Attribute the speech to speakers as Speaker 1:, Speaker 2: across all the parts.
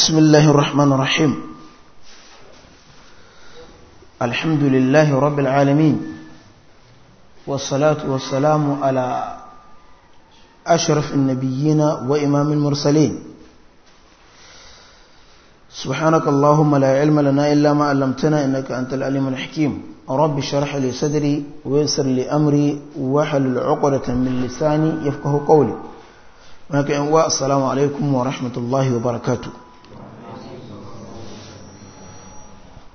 Speaker 1: بسم الله الرحمن الرحيم الحمد لله رب العالمين والصلاة والسلام على أشرف النبيين وإمام المرسلين سبحانك اللهم لا علم لنا إلا ما علمتنا إنك أنت العليم الحكيم رب شرح لي صدري ويسر لي أمري وحل العقدة من لساني يفقه قولي السلام عليكم ورحمة الله وبركاته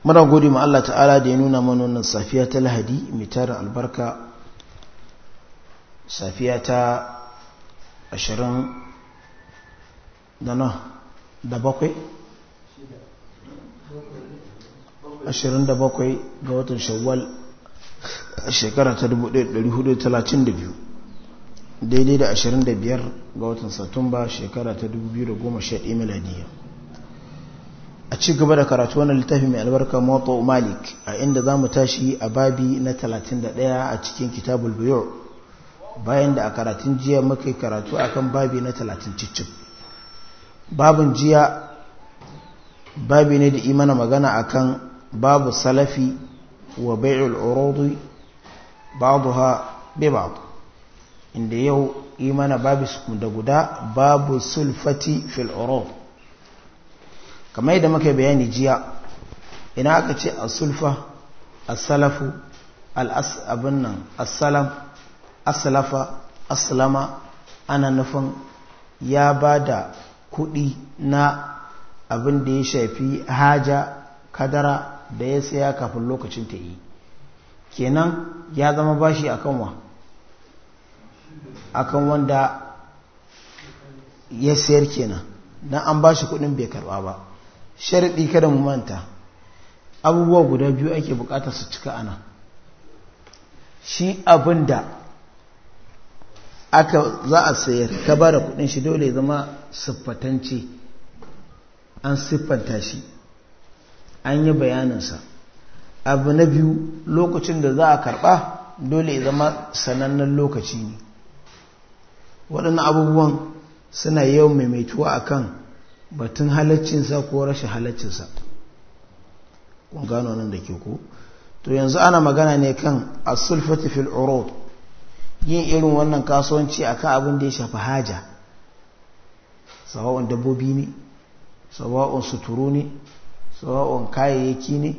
Speaker 1: muna gode ma Allah ta'ala da ya nuna mana wannan safiya ta lahadi mai tara albarka safiya ta ashirin da na da bakwai ashirin da bakwai ga watan shawwal a shekara ta 1432 daidai da ashirin da biyar ga watan satumba shekara ta 2011 miladiyya a ci gaba da karatu wannan littafi mai albarka moto malik a inda za mu tashi a babi na 31 a cikin kitabul biyu bayan da a karatun jiya muka karatu akan babi na 30 cicin babin jiya babi ne da imana magana akan babu salafi wa bai'ul urudi ha bai inda yau imana babu da guda babu sulfati fil kamar yadda muka bayani jiya ina aka ce asulfa asalafu as abin nan salam asalama ana nufin ya ba da kuɗi na abin da ya shafi haja kadara da ya tsaya kafin lokacin ta yi kenan ya zama bashi akan wa akan wanda ya sayar kenan dan an bashi kuɗin bai karba ba sharaɗi kada mu manta abubuwa guda biyu ake bukatar su cika ana shi abin da aka za a sayar ka ba da kudin shi dole zama siffatanci an siffanta shi an yi bayaninsa abu na biyu lokacin da za a karba dole zama sanannen lokaci ne waɗannan abubuwan suna yawan maimaituwa akan batun halaccinsa ko rashin halaccinsa kun gano nan da ke ku to yanzu ana magana ne kan asulfati fil urud yin irin wannan kasuwanci akan abin da ya shafi haja sawa'un dabbobi ne sawa'un suturu ne sawa'un kayayyaki ne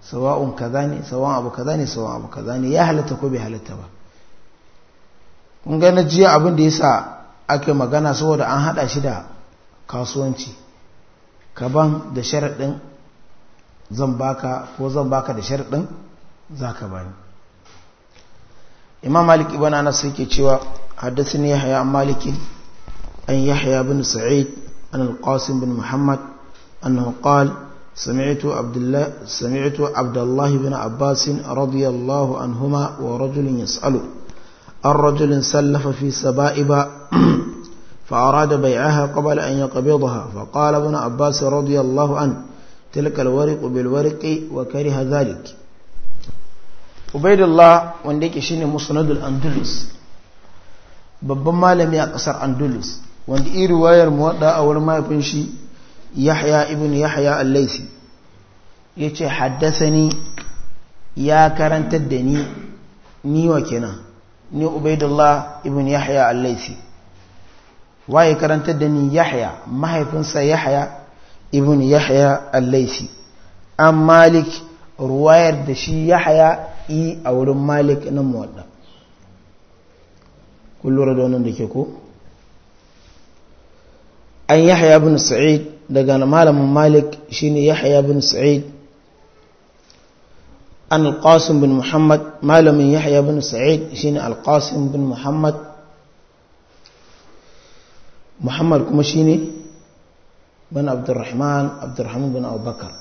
Speaker 1: sawa'un kaza ne sawa'un abu kaza ne sawa'un abu kaza ne ya halatta ko bai halatta ba kun gane jiya abin da ya sa ake magana saboda an hada shi da kasuwanci ka ban da sharaɗin zan baka ko zan baka da sharaɗin za ka bani imam malik ibn anas yake cewa haddathani yahya a maliki. an yahya bin sa'id an al bin muhammad annahu qala سمعت عبد الله سمعت عبد الله بن عباس رضي الله عنهما ورجل يسأله الرجل سلف في سبائب فأراد بيعها قبل أن يقبضها فقال ابن عباس رضي الله عنه تلك الورق بالورق وكره ذلك عبيد الله وانديك شين مسند الأندلس ببما لم يقصر أندلس واندي رواية الموضة أول ما يبنشي يحيى ابن يحيى الليثي يتي حدثني يا كرنت الدني ني وكنا ني عبيد الله ابن يحيى الليثي waye karantar da ni yahya mahaifinsa yahya ibn yahya al-laisi an malik ruwayar da shi yahya yi a wurin malik na muwadda kullura da wannan da ke ko an yahya ibn sa'id daga malamin malik shine yahya ibn sa'id an al-qasim bin muhammad malamin yahya ibn sa'id shine al-qasim bin muhammad muhammad kuma shi ne bin abdurrahman abdurrahman bin abubakar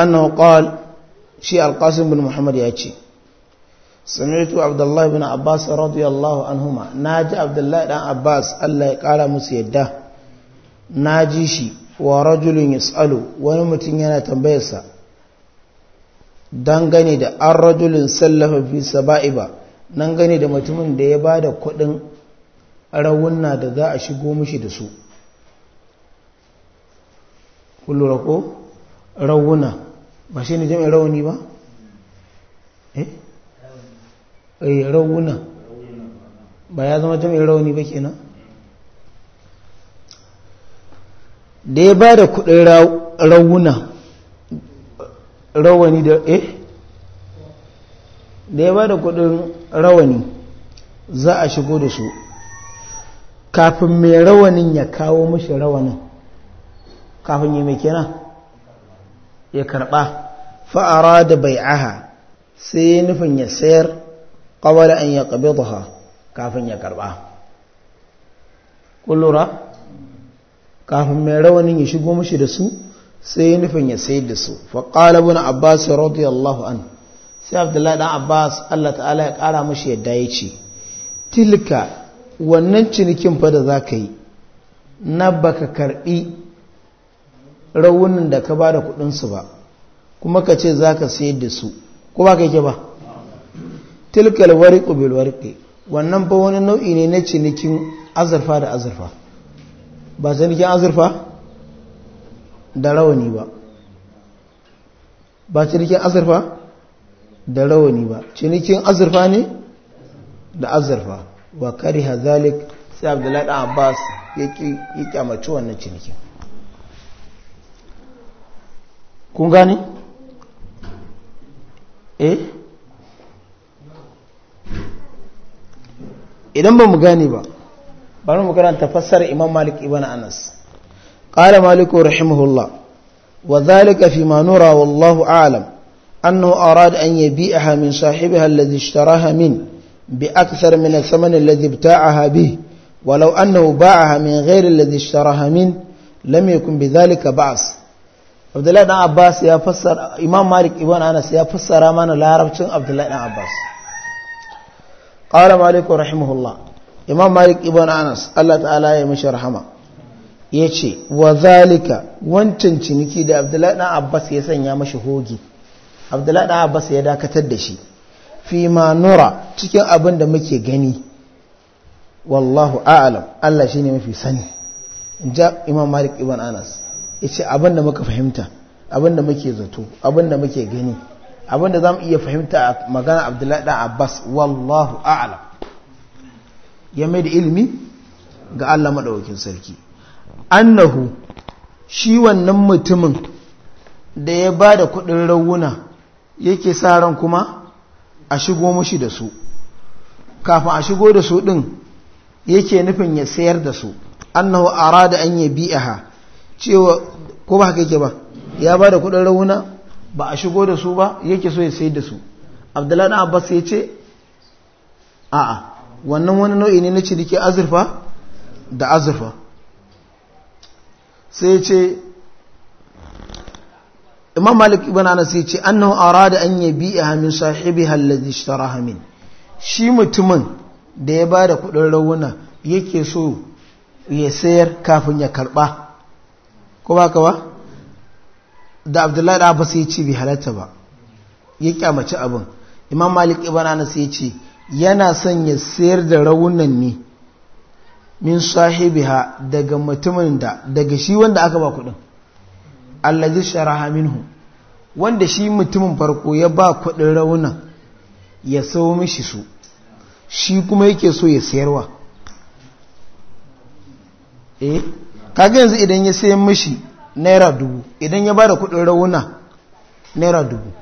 Speaker 1: annahu qal shi alqasim bin muhammad ya ce sami'tu abdullahi bin abbas radiyallahu anhuma naji abdullahi dan abbas Allah ya kara musu yadda naji shi wa rajulun yasalu wani mutum yana tambayarsa dangane da an rajulun sallafa fi saba'iba gane da mutumin da ya bada kuɗin rawunna da za a shigo mishi da su kullura ko rawuna ba shi ne jami'in rawuni ba? Eh? eh? rawuna ba ya zama jami'in rawuni ba kenan da ya ba da kudin rawuna rawani da eh? da ya ba da kudin rawani za a shigo da su kafin mai rawanin ya kawo mashi rawanin kafin yi mai kina ya karɓa fa'ara da bai'aha sai ya nufin ya sayar ƙawar an ya ƙabe kafin ya karɓa ƙullura kafin mai rawanin ya shigo mashi da su sai ya nufin ya sayar da su faƙalabun abbas radiyallahu an sai abdullahi ɗan abbas allah ta'ala ya ƙara mashi yadda ya ce tilka wannan cinikin fa da za ka yi na baka karbi raunin da ka ba da kudinsu ba kuma ka ce za ka sayar da su ko ba ka yake ba tilkal wariƙo bil wariƙe wannan ba wani nau'i ne na cinikin azurfa da azurfa ba cinikin azurfa da rawani ba ba cinikin azurfa da rawani ba cinikin azurfa ne da azurfa wa kariha zalik sai abdullahi dan abbas ya kyamaci wannan cinikin kun gane eh idan ba mu gani ba bari mu karanta fassara imam malik ibn anas qala Maliku rahimahullah wa zalika fi ma nura wallahu a'lam annahu arada an yabi'aha min sahibiha alladhi ishtaraha min بأكثر من الثمن الذي ابتاعها به ولو أنه باعها من غير الذي اشتراها منه لم يكن بذلك بأس عبد الله بن عباس يا فسر إمام مالك ابن أنس يا فسر من لا ربط عبد الله بن عباس قال مالك رحمه الله إمام مالك ابن أنس الله تعالى يمشي رحمه yace wa zalika wancan ciniki da Abdullahi dan Abbas ya sanya mashi hogi Abdullahi dan Abbas ya dakatar da shi fi ma nura cikin abin da muke gani wallahu a'lam Allah shi ne mafi sani ja imam malik ibn anas yace abin da muka fahimta abin da muke zato abin da muke gani abin da zamu iya fahimta a magana abdullahi dan abbas wallahu a'lam ya mai da ilimi ga Allah maɗaukin sarki annahu shi wannan mutumin da ya ba da kuɗin rawuna yake sa ran kuma a shigo mashi da su kafin a shigo da su din yake nufin ya sayar da su annahu arada an ya bi'aha cewa ko ba haka yake ba ya ba da kuɗin rauna ba a shigo da su ba yake so ya sayar da su abdullahi abbas ya ce a'a wannan wani nau'i ne na ciniki azurfa da azurfa sai ya ce imam malik ibn anas yace ce annahu arada an yabi'aha min sahibiha alladhi ishtaraha min shi mutumin da ya bada kudin rawuna yake so ya sayar kafin ya karba ko ba ka ba da abdullahi da abbas yace ce bai halatta ba ya kyamaci abin imam malik ibn anas yace ce yana son ya sayar da rawunan ne min sahibiha daga mutumin da daga shi wanda aka ba kudin allazi sharaha minhu wanda shi mutumin farko ya ba kudin rauna ya sau mishi su shi kuma yake so ya sayarwa eh kaga yanzu idan ya sayan mishi naira dubu idan ya ba da kudin rauna naira dubu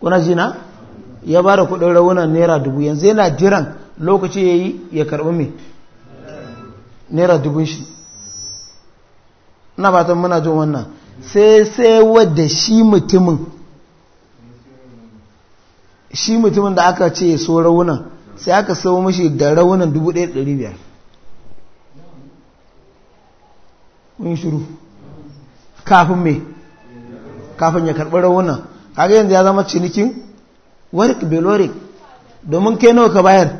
Speaker 1: kuna jina ya ba da kudin rauna naira dubu yanzu yana jiran lokaci ya yi ya karbi mai naira dubun shi na ta muna jin wannan sai sai wadda shi mutumin shi mutumin da aka ce so raunan sai aka sau mashi da raunan 1,500 kun shiru kafin me kafin ya karɓi raunan kaga yanzu ya zama cinikin warik belorik domin kai nawa ka bayar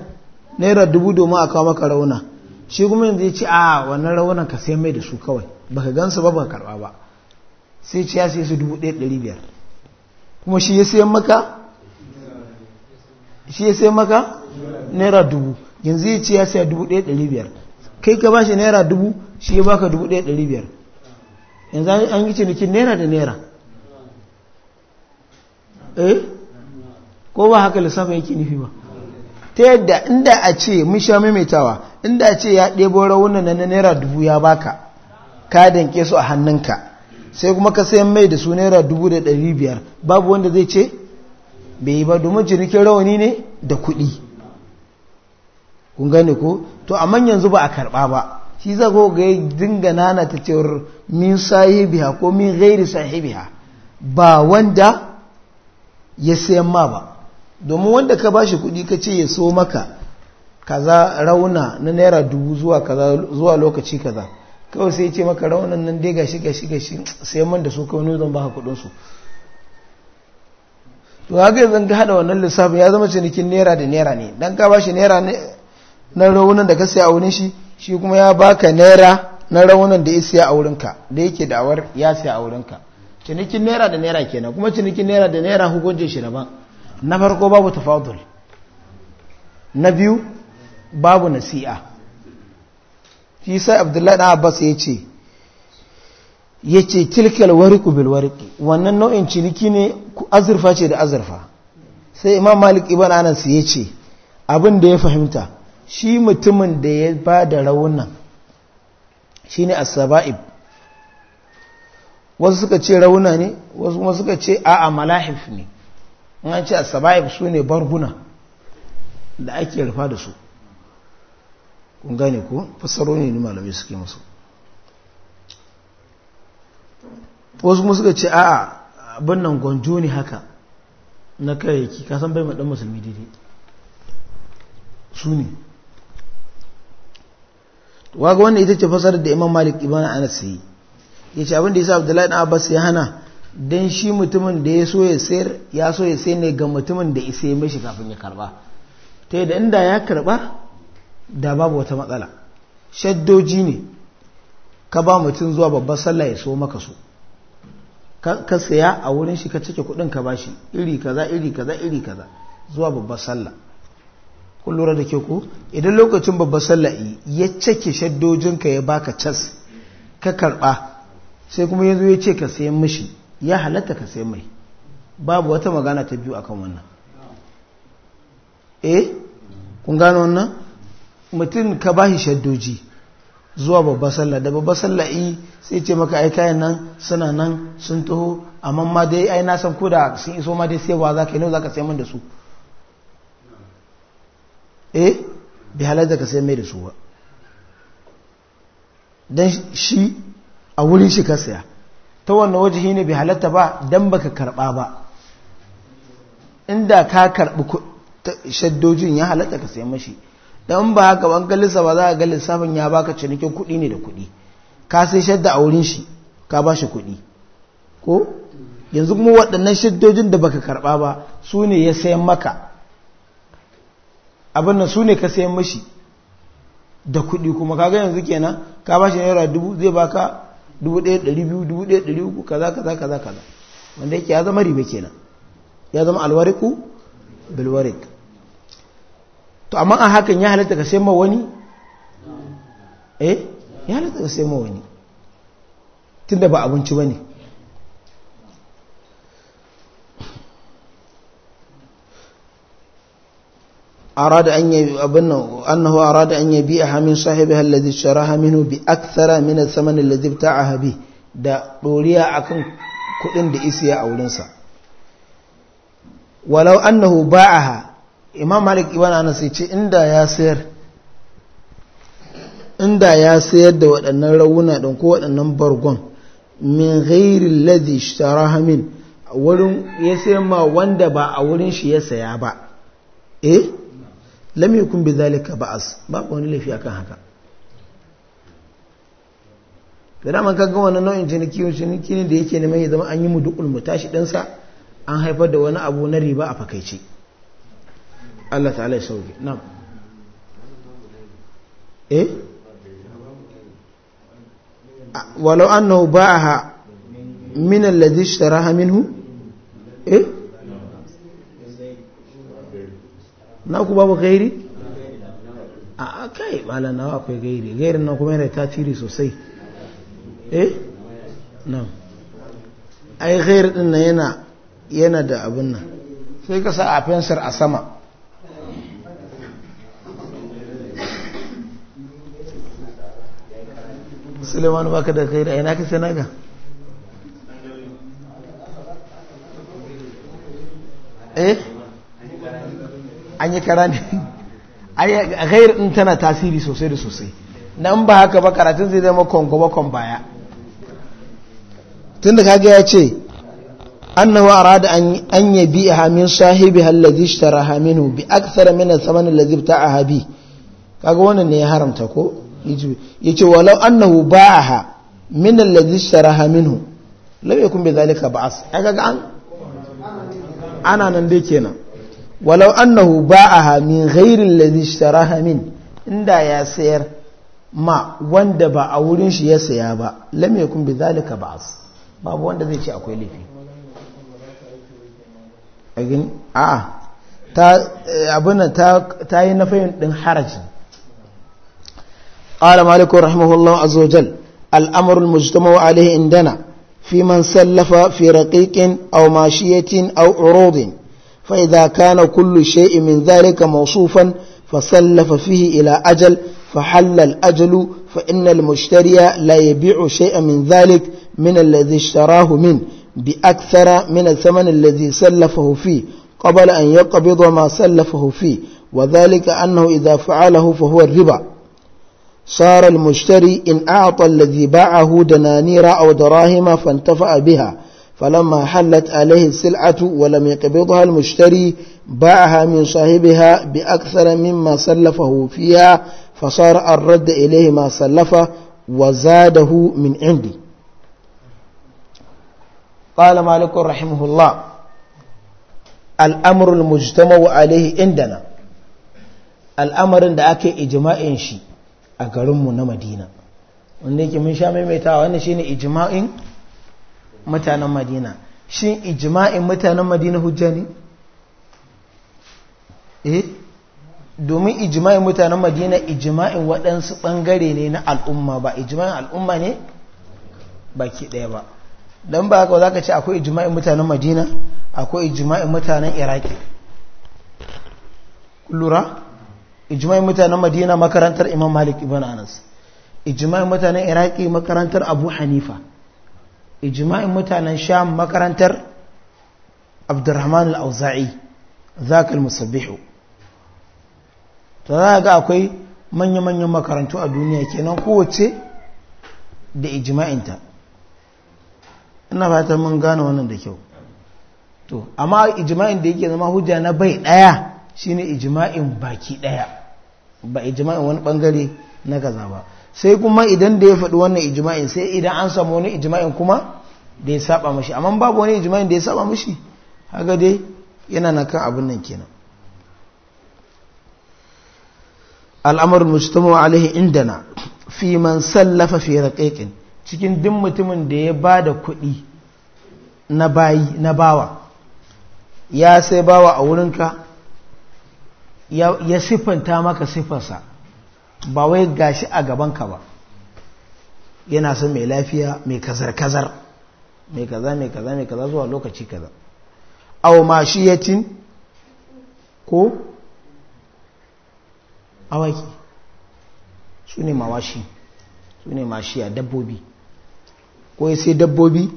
Speaker 1: naira dubu domin a kawo maka rauna shi kuma yanzu ya ce a wannan raunan ka sai mai da su kawai ba gan gansu ba baka karba ba sai ce ya sai su dubu ɗaya ɗari biyar kuma shi ya sayan maka shi ya sayan maka naira dubu yanzu ya ce ya saya dubu ɗaya ɗari biyar kai ka bashi naira dubu shi ya baka dubu ɗaya ɗari biyar yanzu an yi cinikin naira da naira eh ko ba haka lissafa yake nufi ba ta yadda inda a ce mun sha maimaitawa inda a ce ya ɗebo raunan na naira dubu ya baka ka danke su a hannunka sai kuma ka sayan mai da su naira dubu da ɗari biyar babu wanda zai ce bai yi ba domin cinikin rawani ne da kuɗi kun gane ko to a yanzu ba a karɓa ba shi zago ga dinga nana ta cewar min sahibiha ko min gairi sahibiha ba wanda ya sayan ma ba domin wanda ka ba shi kuɗi ka ce ya so maka kaza rauna na naira dubu zuwa zuwa lokaci kaza kawai sai ce maka raunin nan dai gashi gashi gashi sai man da su kawai ne zan ba kuɗin su to haka yanzu ka hada wannan lissafin ya zama cinikin naira da naira ne dan ka bashi naira na raunin da ka saya a wurin shi shi kuma ya baka naira na raunin da ya siya a wurin ka da yake da'awar ya saya a wurin ka cinikin naira da naira kenan kuma cinikin naira da naira hukuncin shi daban na farko babu tafadul na biyu babu nasi'a shi sai abdullahi na abbas ya ce ya ce tilkal wariku bil wariki wannan nau'in ciniki ne azurfa ce da azurfa sai imam malik ibn anas ya ce abin da ya fahimta shi mutumin da ya ba da raunan shi ne asaba'ib wasu suka ce rauna ne wasu kuma suka ce a'a malahif ne in an ce asaba'ib su ne barguna da ake rufa da su kun gane ko fassaro ne malamai suke musu wasu kuma suka ce a'a abin nan gwanjo ne haka na kayayyaki kasan bai maɗan musulmi daidai su ne waga wannan ita ce fasarar da imam malik ibana anas yi ya ce abin da ya sa abdullahi ɗan abbas ya hana don shi mutumin da ya so ya sayar ya so ya sayar ne ga mutumin da isa ya mashi kafin ya karba ta yadda inda ya karba da babu wata matsala shaddoji ne ka ba mutum zuwa babbar sallah ya so maka so ka saya a wurin shi ka cike kudin ka bashi iri kaza iri kaza iri kaza zuwa babbar sallah kun da ke ku idan lokacin babbar sallah ya cike shaddojinka ya baka cas ka karba sai kuma yanzu ya ce ka sayan mishi ya halatta ka sayan mai babu wata magana ta biyu akan wannan eh kun gano wannan mutum ka ba shi shaddoji zuwa babbar sallah da babbar sallah yi sai ce maka ai kayan nan suna nan sun taho amma ma dai ai na san ko da sun iso ma dai wa za ka yi nau za ka sai min da su eh bi halar da ka sai mai da su ba don shi a wurin shi ka saya ta wannan wajihi ne bi halarta ba don baka karba ba inda ka karbi shaddojin ya halatta ka sai mashi dan ba haka ban ga lissafa za a ga lissafin ya baka cinikin kuɗi ne da kuɗi ka sai shadda a wurin shi ka ba shi kuɗi ko yanzu kuma waɗannan shaddojin da baka karɓa ba su ne ya sayan maka abin nan su ne ka sayan mashi da kuɗi kuma kaga yanzu kenan ka ba shi naira dubu zai baka dubu ɗaya ɗari biyu dubu ɗaya ɗari uku kaza kaza kaza kaza wanda yake ya zama riba kenan ya zama alwariku bilwarik to amma a hakan ya halatta ka ma wani eh ya halatta ka ma wani tunda ba abinci bane arada an yi abin nan annahu arada an yabi a hamin sahibi hallazi sharaha minhu bi akthara min al-thaman allazi bta'aha bi da doriya akan kudin da isiya a wurin sa walau annahu ba'aha imam malik ibn anas ya ce inda ya sayar inda ya sayar da waɗannan rawuna ɗin ko waɗannan bargon min ghairi ladhi ishtaraha min wurin ya sayar ma wanda ba a wurin shi ya saya ba eh lam yakun zalika ba'as ko wani lafiya kan haka da man kaga wannan nau'in ciniki ciniki ne da yake neman ya zama an yi mu dukul mutashi ɗinsa an haifar da wani abu na riba a fakaice Allah ta'ala ya sauke na'am eh walau annahu ba'aha min alladhi ishtaraha minhu eh na ku babu gairi a kai mala wa akwai gairi gairin nan kuma yana tasiri sosai eh na'am ai gairi din nan yana yana da abin nan sai ka sa a fensir a sama suleiman baka da kai da ina ka sai naga eh an yi kara ne a gair din tana tasiri sosai da sosai nan ba haka ba karatun zai zama kongo bakon baya tun da kage ya ce annahu arada an yabi min sahibi alladhi ishtaraha minhu bi akthara min athman alladhi ibta'aha bi kaga wannan ne ya haramta ko yace walau annahu ba'aha min alladhi sharaha minhu law yakun zalika ba'as aka ga an ana nan dai kenan walau annahu ba'aha min ghairi alladhi sharaha min inda ya sayar ma wanda ba a wurin shi ya saya ba lam yakun zalika ba'as babu wanda zai ce akwai laifi a ta eh, abuna ta yi nafayin din haraji قال مالك رحمه الله عز وجل الأمر المجتمع عليه عندنا في من سلف في رقيق أو ماشية أو عروض فإذا كان كل شيء من ذلك موصوفا فسلف فيه إلى أجل فحل الأجل فإن المشتري لا يبيع شيئا من ذلك من الذي اشتراه منه بأكثر من الثمن الذي سلفه فيه قبل أن يقبض ما سلفه فيه وذلك أنه إذا فعله فهو الربا صار المشتري إن أعطى الذي باعه دنانير أو دراهم فانتفأ بها فلما حلت عليه السلعة ولم يقبضها المشتري باعها من صاحبها بأكثر مما سلفه فيها فصار الرد إليه ما سلفه وزاده من عندي قال مالك رحمه الله الأمر المجتمع عليه عندنا الأمر عندك إجماع شيء a garinmu na madina wanda yake mun sha maimaitawa shi shine ijima'in mutanen madina shin ijima'in mutanen madina hujja ne eh domin ijima'in mutanen madina ijima'in waɗansu ɓangare ne na al'umma ba ijima'in al'umma ne baki ɗaya ba don ba haka za ka ce akwai ijima'in mutanen madina akwai ijima'in mutanen iraki lura ijma'i mutanen madina makarantar imam malik ibn anas ijma'i mutanen iraki makarantar abu hanifa ijma'in mutanen sham makarantar abdurrahman al-auza'i zakal musabbihu ta za ga akwai manya-manyan makarantu a duniya kenan kowace da ijma'inta ina fata mun gane wannan da kyau to amma ijma'in da yake zama hujja na bai daya shine ijma'in baki daya ba ijma'i wani bangare na kaza ba sai kuma idan da ya faɗi wannan ijima'in sai idan an samu wani ijma'i kuma da ya saba mashi amma babu wani ijima'in da ya saba mashi haka dai yana na kan abin nan kenan al'amar mustamu alaihi indana fi man sallafa fi raqiqin cikin duk mutumin da ya ba da kuɗi na bayi na bawa ya sai bawa a wurinka ya siffanta maka siffarsa ba wai gashi a gabanka ba yana son mai lafiya mai kazar-kazar mai kaza mai kaza mai kaza zuwa lokaci kaza au cin ko awaki su ne mawashi su ne a dabbobi ko ya sai dabbobi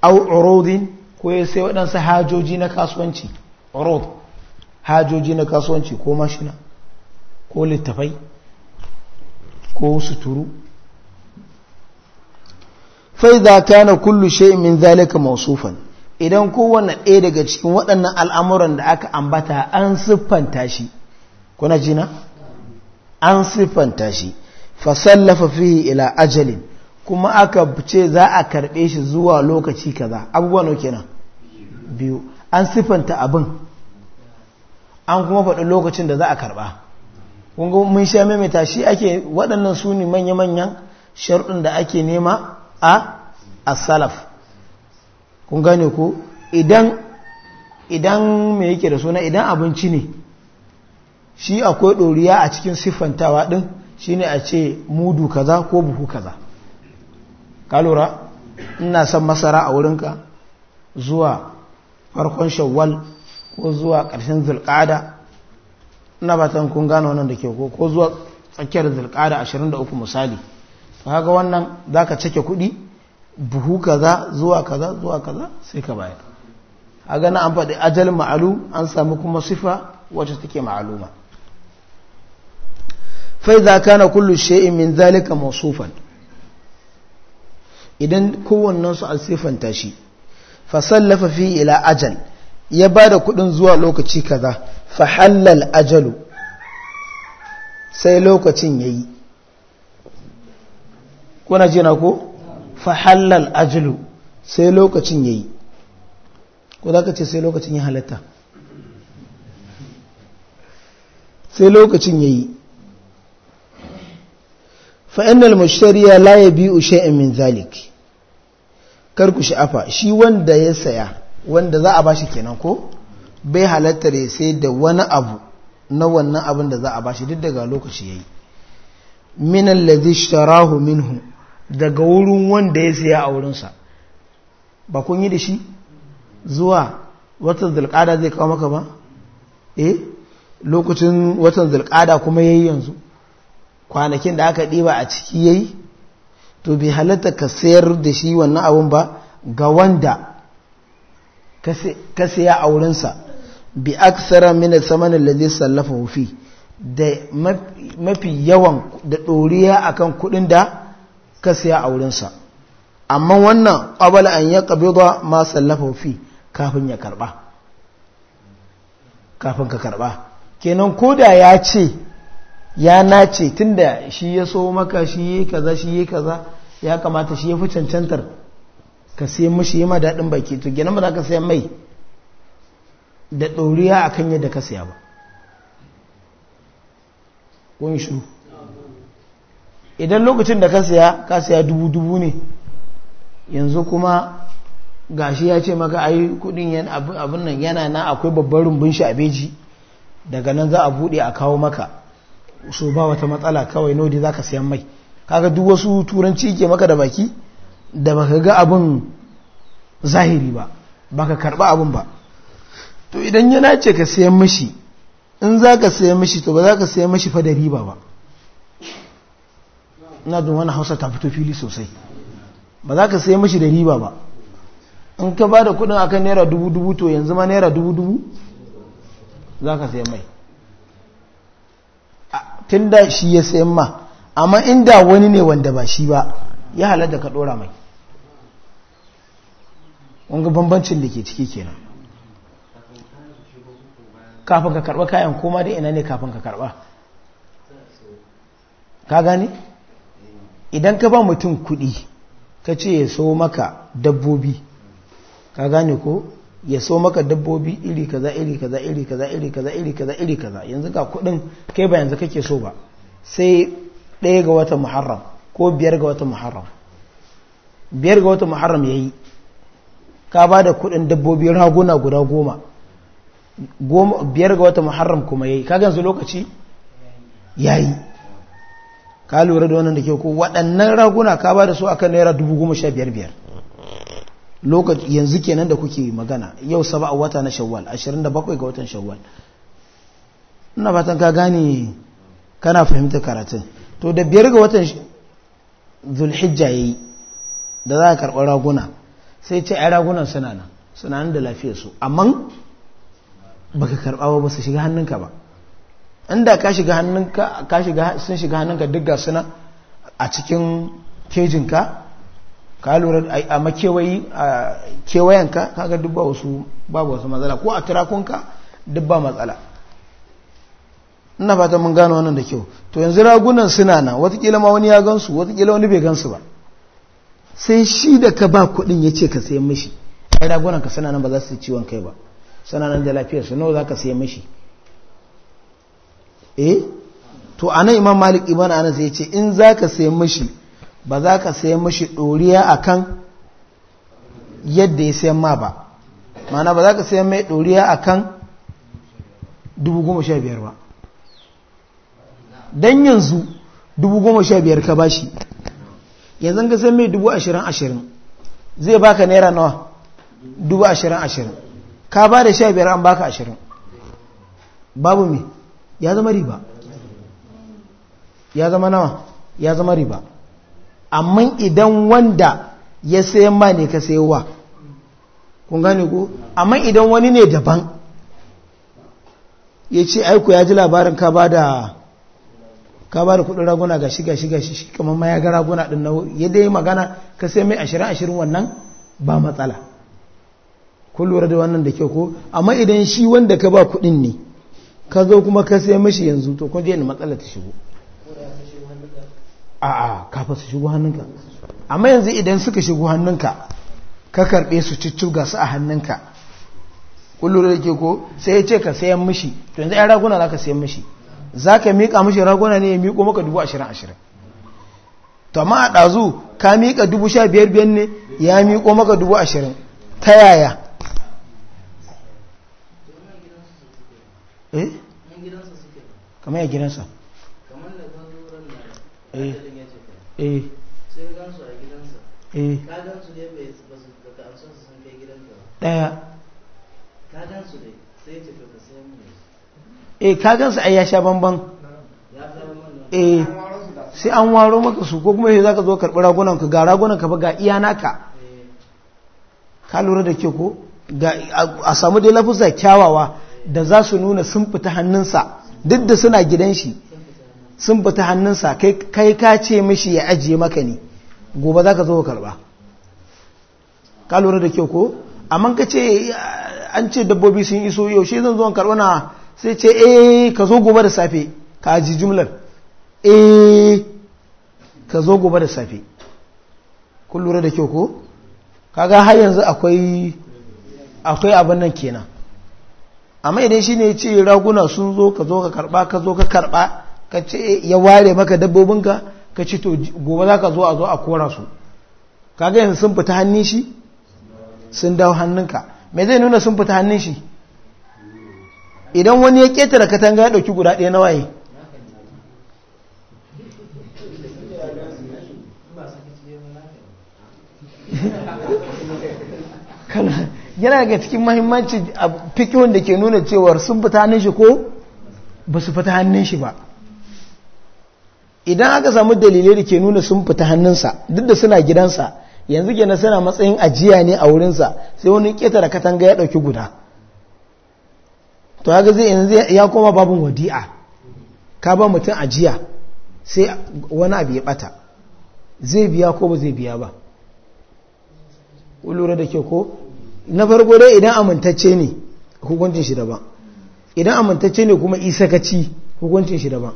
Speaker 1: au orodin ko ya sai waɗansu hajoji na kasuwanci urud hajoji na kasuwanci ko mashina ko littafai ko suturu faiza na kullu shay'in min zalika mausufan idan kowane ɗaya daga cikin waɗannan al'amuran da aka ambata an siffanta shi kuna jina an siffanta shi fasallafa fihi ila ajalin kuma aka ce za a karɓe shi zuwa lokaci kaza abubuwan kenan biyu an siffanta abin an kuma faɗi lokacin da za a karɓa kunga mun sha maimaita shi ake waɗannan su ne manya-manyan sharɗin da ake nema a asalaf kun gane ku idan mai yake da suna idan abinci ne shi akwai ɗoriya a cikin siffantawa ɗin shi ne a ce mudu kaza ko buhu kaza ka lura ina son masara a wurinka zuwa farkon shawwal ko zuwa ƙarshen zulƙada na ba ta kun gane wannan da ke ko ko zuwa tsakiyar zulƙada 23 misali to haka wannan za ka cike kuɗi buhu kaza zuwa kaza zuwa kaza sai ka bayar a gana an faɗi ajal ma'alu an sami kuma sifa wacce take ma'aluma fai za ka na kullu shi'in min zalika masufan idan kowannensu an sifanta shi fasallafa fi ila ajal ya ba da kudin zuwa lokaci kaza halal ajalu sai lokacin ya yi kuna jina ko halal ajalu sai lokacin ya yi ko za ka ce sai lokacin ya halatta sai lokacin ya yi fa'inal mushtariya la yabi'u biyu min zalik karku afa shi wanda ya saya wanda za a ba shi kenan ko bai halatta da sai da wani abu na wannan abin da za a ba shi duk daga lokaci yayi min allazi ishtarahu minhu daga wurin wanda ya saya a wurinsa ba kun yi da shi zuwa watan zulqada zai kawo maka ba eh lokacin watan zulqada kuma yayi yanzu kwanakin da aka ɗiba a ciki yayi to bai halatta ka sayar da shi wannan abun ba ga wanda ka siya a wurinsa bi aksara min saman lalzi sallafa wufi da mafi yawan da ɗoriya akan kuɗin da ka siya a wurinsa amma wannan ƙwabala an ya ƙabido ma sallafa wufi kafin ya karɓa kafin ka karɓa kenan koda ya ce ya nace tunda shi ya so maka shi yi kaza shi yi kaza ya kamata shi ya fi cancantar ka sai mashi yi ma daɗin baki to gina ba za ka sayan mai da ɗoriya a kan yadda ka saya ba kun shi idan lokacin da ka saya ka saya dubu-dubu ne yanzu kuma gashi ya ce maka ayi kudin abin nan yana na akwai babban rumbun shi a beji daga nan za a buɗe a kawo maka so ba wata matsala kawai nodi za ka sayan mai kaga duk wasu turanci ke maka da baki da baka ga abin zahiri ba baka karba abin ba to idan yana ce ka sayan mashi in za ka sayan mashi to ba za ka sayan mashi fa da riba ba na don wani hausa ta fito fili sosai ba za ka sayan mashi da riba ba in ka ba da kudin akan naira dubu dubu to yanzu ma naira dubu dubu za ka sayan mai tun da shi ya sayan ma amma inda wani ne wanda ba shi ba ya halatta ka dora mai wanga bambancin da ke ciki kenan kafin ka karba kayan koma da ina ne kafin ka karba ka gani idan ka ba mutum kudi ka ce ya so maka dabbobi ka gane ko ya so maka dabbobi iri kaza iri kaza iri kaza iri kaza iri kaza iri kaza yanzu ga kudin kai ba yanzu kake so ba sai ɗaya ga watan muharram ko biyar ga watan muharram biyar ga watan muharram ya yi ka ba da kudin dabbobi raguna guda goma biyar ga watan muharram kuma ya yi ka ganzu lokaci ya yi ka lura da wannan da ke ko waɗannan raguna ka ba da su akan naira dubu goma sha biyar biyar lokaci yanzu kenan da kuke magana yau saba a wata na shawwal ashirin da bakwai ga watan shawwal ina fatan ka gane kana fahimta karatun to da biyar ga watan zulhijja yayi da za a karɓi raguna sai ce ai ragunan suna nan suna nan da lafiyarsu amma baka karɓa ba su shiga hannunka ba inda ka shiga hannunka ka shiga sun shiga hannunka duk ga suna a cikin kejinka ka lura a makewayi a kewayenka kaga duk ba wasu babu wasu matsala ko a turakunka duk ba matsala ina fata mun gano wannan da kyau to yanzu ragunan suna nan watakila ma wani ya gansu watakila wani bai gansu ba sai shi da ka ba kuɗin ya ce ka sayan mishi ai ragunan ka suna nan ba za su ciwon kai ba suna nan da lafiyar su nawa za ka sayan mishi eh to anan imam malik ibn anas ya ce in za ka sayan mishi ba za ka sayan mishi doriya akan yadda ya sayan ma ba ma'ana ba za ka sayan mai doriya akan dubu goma sha biyar ba dan yanzu dubu goma sha biyar ka bashi yanzu ga san mai dubu ashirin ashirin zai baka naira nawa dubu ashirin ashirin ka ba da sha biyar an baka ashirin babu me ya zama riba ya zama nawa ya zama riba amma idan wanda ya sayan ma ne ka sayowa kun gane ku. amma idan wani ne daban ya ce aiku ya ji labarin ka ba da ka ba da kudin raguna ga shiga shiga shi kamar ma ya ga raguna din na ya dai magana ka sai mai ashirin ashirin wannan ba matsala Kullum lura da wannan da ke ko amma idan shi wanda ka ba kudin ne ka zo kuma ka sai mashi yanzu to kun je ni matsala ta shigo a'a kafa su shigo hannunka amma yanzu idan suka shigo hannunka ka karbe su cicciga su a hannunka kullum lura da ke ko sai ya ce ka sayan mishi to yanzu ya raguna za ka sayan mishi za ka miƙa mashi raguna ne ya miƙo maka dubu ashirin ashirin to ma a ɗazu ka miƙa dubu sha biyar biyar ne ya miƙo maka dubu ashirin ta yaya eh kamar ya gidansa eh eh eh eh ka gansu ai ya sha banban? eh sai an waro maka su ko kuma za ka zo karɓi ragunan ka ga ragunan ka ba ga iya naka ka lura da ke ko a samu dai lafusa kyawawa da za su nuna sun fita hannunsa duk da suna gidan shi sun fita hannunsa kai ka ce mishi ya ajiye maka ne gobe za ka zo karba ka lura da ke ko amma ka ce an ce dabbobi sun iso yaushe zan zo karɓa na sai ce eh ka zo gobe da safe ka ji jumlar eh ka zo gobe da safe kun lura da kyau ko kaga har yanzu akwai akwai abin nan kenan amma idan shi ne ce raguna sun zo ka zo ka karba ka zo ka karba ka ce ya ware maka dabbobinka ka ce to gobe za ka zo a zo a kora su kaga yanzu sun fita hannun shi sun dawo hannunka me zai nuna sun fita hannun shi idan wani ya ƙetare katanga ya ɗauki guda ɗaya na waye yana daga cikin mahimmanci a fikin da ke nuna cewar sun fita hannun shi ko ba su fita hannun shi ba idan aka samu dalilai da ke nuna sun fita hannunsa duk da suna gidansa yanzu gina suna matsayin ajiya ne a wurinsa sai wani ƙetare katanga ya ɗauki guda to ya zai yanzu ya koma babin wadi'a ka ba mutum ajiya sai wani abu ya bata zai biya ko ba zai biya ba lura da ke ko na farko dai idan amintacce ne hukuncin shi daban idan amintacce ne kuma isakaci hukuncin shi daban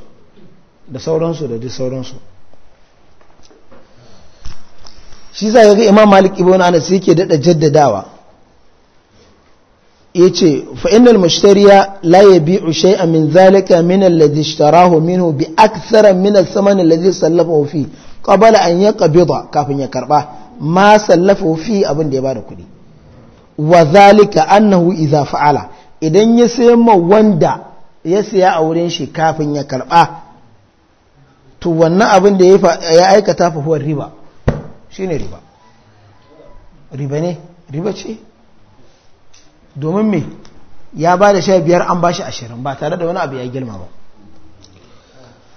Speaker 1: da sauransu da duk sauransu shi za ga imam malik ibn anas yake dada jaddadawa yace fa innal mushtariya la yabi'u shay'an min zalika min alladhi ishtarahu minhu bi akthara min ath alladhi sallafahu fi qabla an yaqbida kafin ya karba ma sallafahu fi abin da ya bada kuɗi wa zalika annahu idza fa'ala idan ya sayi ma wanda ya siya a wurin shi kafin ya karba to wannan abin da ya aikata fa huwa riba shine riba riba ne riba ce domin me ya ba da sha biyar an ba shi ashirin ba tare da wani abu ya girma ba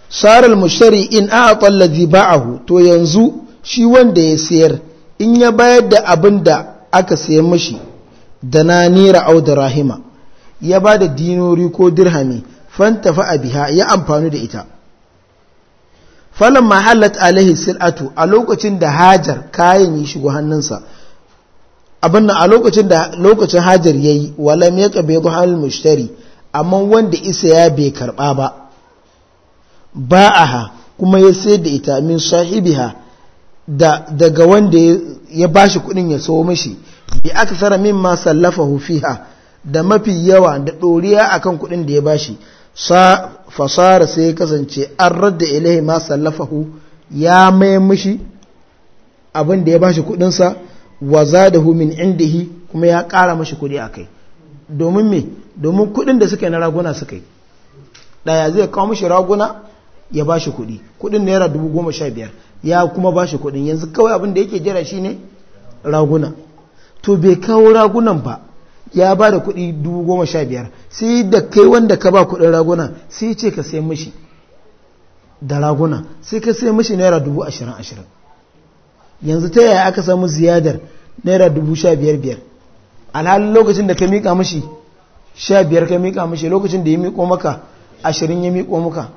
Speaker 1: sarar mushari in a atsallazi ba'ahu to yanzu shi wanda ya sayar in ya bayar da abin da aka sayan mashi da na nira au rahima ya ba da dinori ko dirhami fanta a biha ya amfani da ita falon mahallat alaihi sil'atu a lokacin da hajar kayan yi shigo hannunsa abin nan a lokacin da lokacin hajar yayi walam ya kabe halin mushtari amma wanda isa ya bai karɓa ba a ha kuma ya sai da ita min sahibiha ha daga wanda ya bashi kudin ya so mishi bi aksara min masallafahu fiha da mafi yawa da ɗoriya akan kudin da ya bashi shi fasara sai kasance an radda ilahi ma sallafahu ya mai mashi abin da ya bashi shi sa wa da humin indihi kuma ya kara mashi kuɗi a kai domin me domin kuɗin da suka yi na raguna suka yi ɗaya zai kawo mashi raguna ya ba shi kuɗi kuɗin naira dubu goma sha ya kuma ba shi kuɗin yanzu kawai abin da yake jira shi ne raguna to bai kawo ragunan ba ya ba da kuɗi dubu goma sha sai da kai wanda ka ba kuɗin raguna sai ce ka sai mashi da raguna sai ka sai mashi naira dubu ashirin yanzu ta yaya aka samu ziyadar naira dubu sha biyar biyar alhalin lokacin da ka miƙa mashi sha biyar ka miƙa mashi lokacin da ya miƙo maka ashirin ya miƙo maka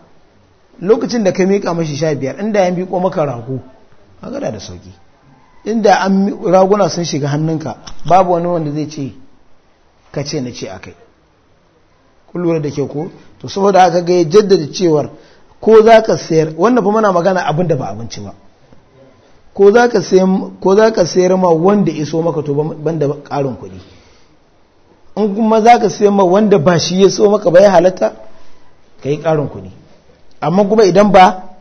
Speaker 1: lokacin da ka miƙa mashi sha biyar inda ya miƙo maka rago a gada da sauki inda an raguna sun shiga hannunka babu wani wanda zai ce ka ce na ce a kai da ke ko to saboda haka ga ya jaddada cewar ko za ka sayar wannan fa mana magana abin da ba abinci ba ko za ka sayar ma wanda iso maka to ban da karin kudi in kuma za ka sayar ma wanda ba shi ya so maka bai halatta ka yi karin kudi amma kuma idan ba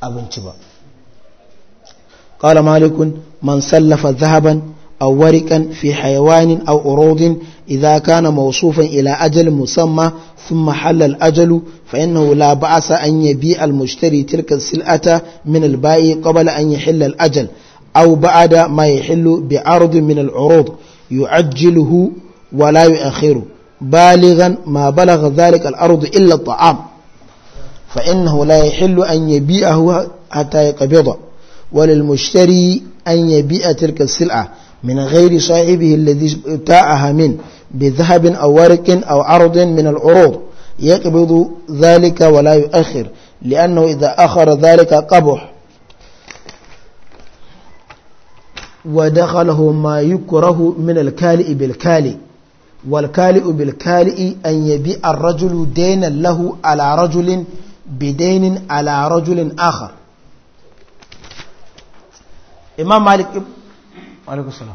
Speaker 1: abinci ba ƙala malikun man sallafa zahaban aw warikan fi haywanin aw urudin idza kana mawsufan ila ajal musamman. ثم حل الأجل فإنه لا بأس أن يبيع المشتري تلك السلعة من البائع قبل أن يحل الأجل أو بعد ما يحل بعرض من العروض يعجله ولا يؤخره بالغا ما بلغ ذلك الأرض إلا الطعام فإنه لا يحل أن يبيعه حتى يقبضه وللمشتري أن يبيع تلك السلعة من غير صاحبه الذي ابتاعها منه بذهب أو ورق أو عرض من العروض يقبض ذلك ولا يؤخر لأنه إذا أخر ذلك قبح ودخله ما يكره من الكالئ بالكالئ والكالئ بالكالئ أن يبيع الرجل دينا له على رجل بدين على رجل آخر إمام مالك عليكم السلام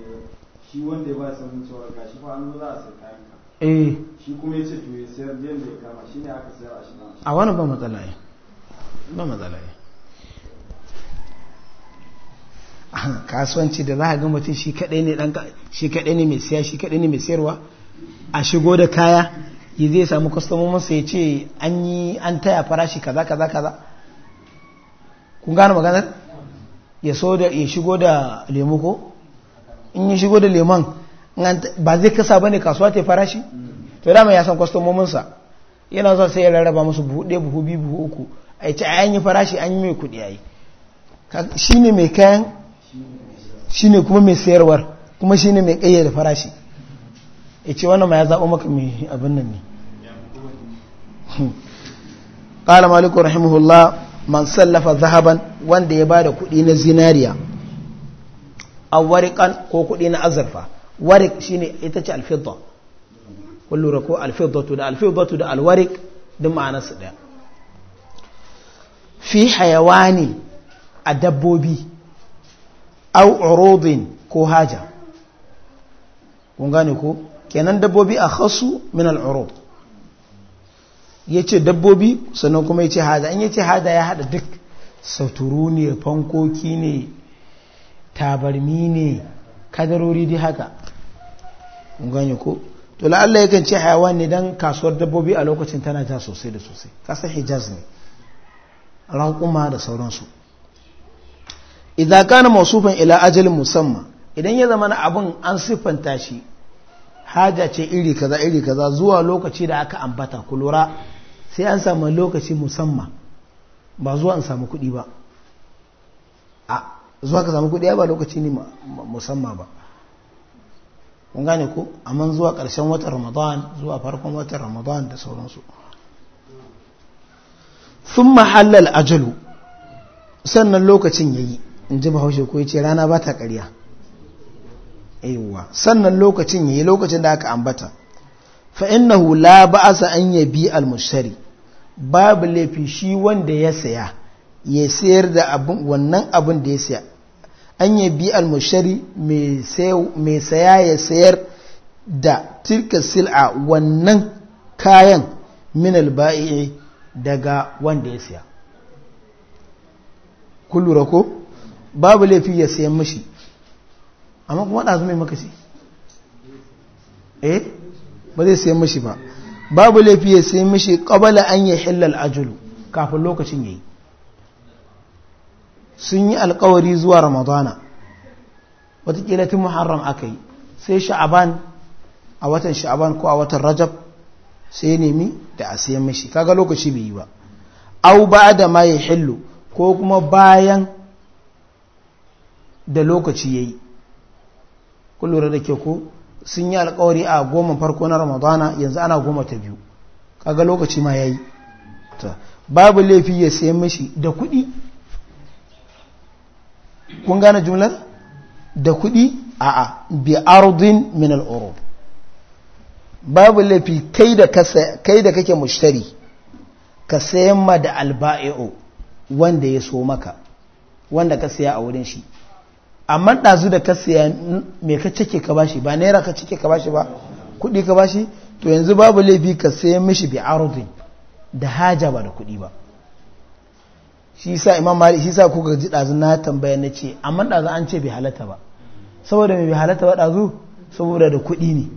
Speaker 1: a sai kayan ka eh shi ba matsala ba matsala kasuwanci da za a ga mutum shi kadai ne mai siya shi kadai ne mai sayarwa a shigo da kaya yi zai samu kwastomomin sa ya ce an yi an taya farashi kaza kaza kaza kun gane maganar ya so da ya shigo da lemu ko in yi shigo da liman ba zai kasa ba ne kasuwa ta farashi to dama ya san kwastomominsa yana zuwa sai ya rarraba musu buhu ɗaya buhu biyu buhu uku a yi ci a yanyi farashi an yi mai kuɗi a yi shi ne mai kayan shi ne kuma mai sayarwar kuma shi ne mai ƙayyade farashi ya ce wannan ma ya zaɓo maka mai abin nan ne ƙala maliku rahimahullah man sallafa zahaban wanda ya ba da kuɗi na zinariya aw wariqan ko kuɗi na azurfa warik shine ita ce alfidda kullu rako alfiddatu da alfiddatu da alwarik duk ma'ana su daya fi hayawani a dabbobi aw urudin ko haja kun gane ko kenan dabbobi a khasu min al ya ce dabbobi sannan kuma ya ce hada in ya ce hada ya hada duk sauturu ne fankoki ne tabarmi ne kadarori dai haka gane ko to la'alla yakan ce hayawan ne dan kasuwar dabbobi a lokacin tana ta sosai da sosai kasa hijaz ne raƙuma da sauransu idan kana mawsufan ila ajalin musamman idan ya zama na abun an siffanta shi haja ce iri kaza iri kaza zuwa lokaci da aka ambata ku sai an samu lokaci musamma ba zuwa an samu kuɗi ba zuwa ka samu kuɗi ba lokaci ne musamman ba kun gane ko amma zuwa ƙarshen watan ramadan zuwa farkon watan ramadan da sauransu sun mahallal ajalu sannan lokacin ya yi in ji bahaushe ko ya ce rana ba ta ƙarya aiwa sannan lokacin ya yi lokacin da aka ambata fa'innahu la a an yabi al mushari babu laifi shi wanda ya saya ya sayar da wannan abin da ya saya an yi bi almushari mai saya ya sayar da tilka sil'a wannan kayan min alba'i daga wanda ya siya kullura ko babu laifi ya sayan mashi amma kuma ɗazu mai makashi eh ba zai sayan mashi ba babu laifi ya sayan mashi ƙabala an yi hillal ajulu kafin lokacin yayi sun yi alkawari zuwa ramadana watakila tun muharram aka yi sai sha'aban a watan sha'aban ko a watan rajab sai nemi da a sayan mashi kaga lokaci bai yi ba au ba da ma ya hillo ko kuma bayan da lokaci ya yi kullura da ke ko sun yi alkawari a goma farko na ramadana yanzu ana goma ta biyu kaga lokaci ma ya yi babu laifi ya sayan mashi da kuɗi kun gane jumlar da kuɗi a'a bi arudin min al babu laifi kai da kai da kake mushtari ka sayan ma da alba'i'u wanda ya so maka wanda ka saya a wurin shi amma ɗazu da ka saya me ka cike ka bashi ba naira ka cike ka bashi ba kuɗi ka bashi to yanzu babu laifi ka sayan mishi bi arudin da haja ba da kuɗi ba shi sa imam mali shi sa kuka ji ɗazu na tambaya na ce amma ɗazu an ce bai halatta ba saboda mai bai halatta ba ɗazu saboda da kuɗi ne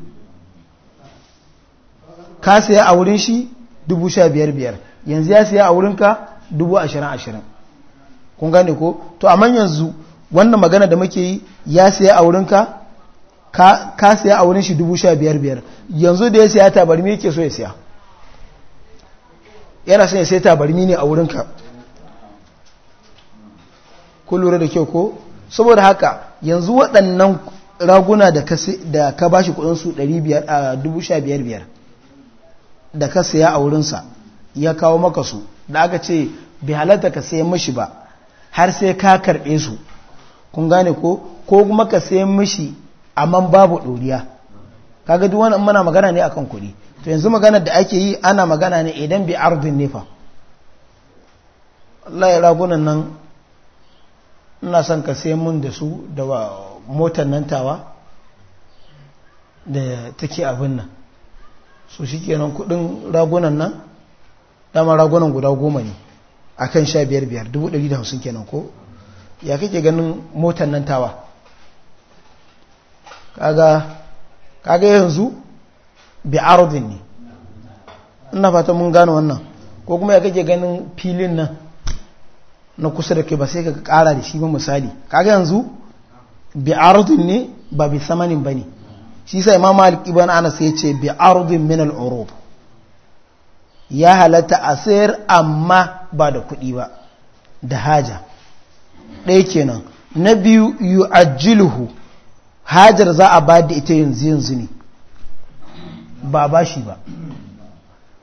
Speaker 1: ka saya a wurin shi dubu sha biyar biyar yanzu ya saya a wurinka dubu ashirin ashirin kun gane ko to amma yanzu wannan magana da muke yi ya saya a wurinka ka saya a wurin shi dubu sha biyar biyar yanzu da ya saya tabarmi yake so ya saya yana son ya saya tabarmi ne a wurinka ko lura da kyau ko saboda haka yanzu waɗannan raguna da ka bashi kudin su 15,500 da ka saya a wurinsa ya kawo maka su da aka ce bai halatta ka sayan mashi ba har sai ka karɓe su kun gane ko ko kuma ka sayan mashi amma babu ɗoriya kaga duk wani mana magana ne akan kuɗi to yanzu magana da ake yi ana magana ne idan bi ardin nefa Allah ya ragunan nan ina son ka sai mun da su da motar nan tawa da take abin nan so shi kenan kudin ragunan nan dama ragunan guda goma ne a kan sha biyar biyar dubu ɗari da hamsin kenan ko ya kake ganin motar nan tawa kaga kaga yanzu bi arudin ne ina fata mun gano wannan ko kuma ya kake ganin filin nan na kusa da ke ba sai ka kara da shi ba misali kaga yanzu bi ardin ne ba bi samanin ba ne shi sai imam malik ibn anas ya ce bi ardin min al ya halatta a sayar amma ba da kuɗi ba da haja ɗaya kenan na biyu ajiluhu hajar za a ba da ita yanzu yanzu ne ba ba shi ba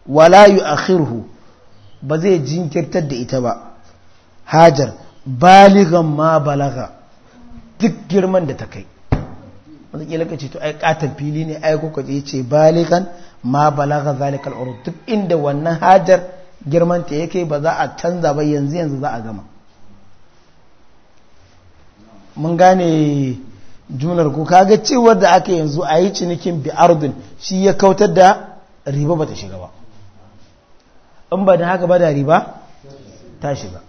Speaker 1: wala akhirhu ba zai jinkirtar da ita ba hajar baligan ma balaga duk girman da ta kai wanda ke lokaci to ai katan fili ne ai kuka je ce baligan ma balaga zalikal urud duk inda wannan hajar girman ta yake ba za a canza ba yanzu yanzu za a gama mun gane junar ku kaga cewar da aka yanzu ayi cinikin bi ardun shi ya kautar da riba ba ta shiga ba in ba da haka ba da riba ta shiga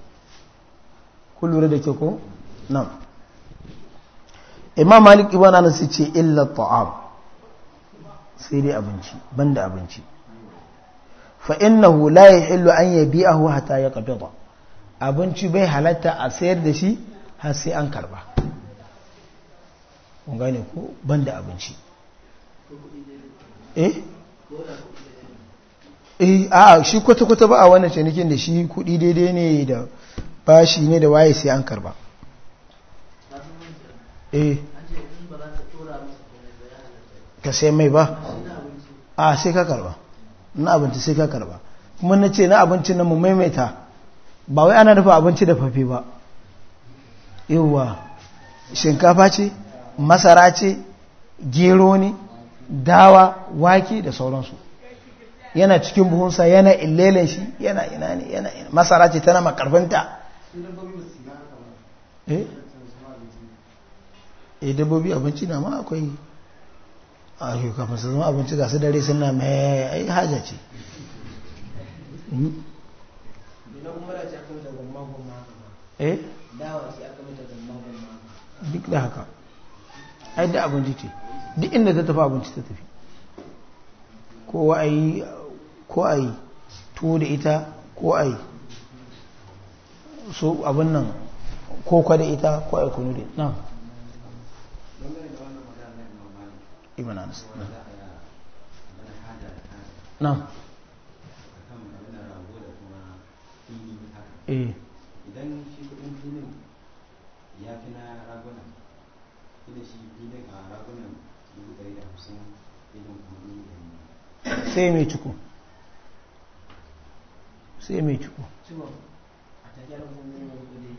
Speaker 1: kun lura da ke ko nan imam malik na su ce illa ta'am sai dai abinci da abinci fa innahu la yahillu an yabi'ahu hatta yaqbida abinci bai halatta a sayar da shi har sai an karba kun gane ko ban da abinci eh, eh a shi kwata-kwata ba a wannan cinikin da shi kudi daidai ne da bashi ne da waye sai an karba eh ka sai mai ba a sai ka karba na abinci sai ka karba kuma na ce na abinci na mu maimaita ba wai ana dafa abinci da fafi ba yawwa shinkafa ce masara ce gero ne dawa wake da sauransu yana cikin buhunsa yana illelen shi yana ina ne yana masara ce tana makarfinta Eh? eh dabbobi abinci na ma akwai a kafin su zama abinci ga dare suna mai ai haja ce hmm? eh? duk da haka ai da abinci ce duk inda ta tafi abinci ta tafi ko a yi tuwo da ita ko a yi su abin nan ko kwada ita ko a kunu da na na eh. sai mai ciko sai mai ciko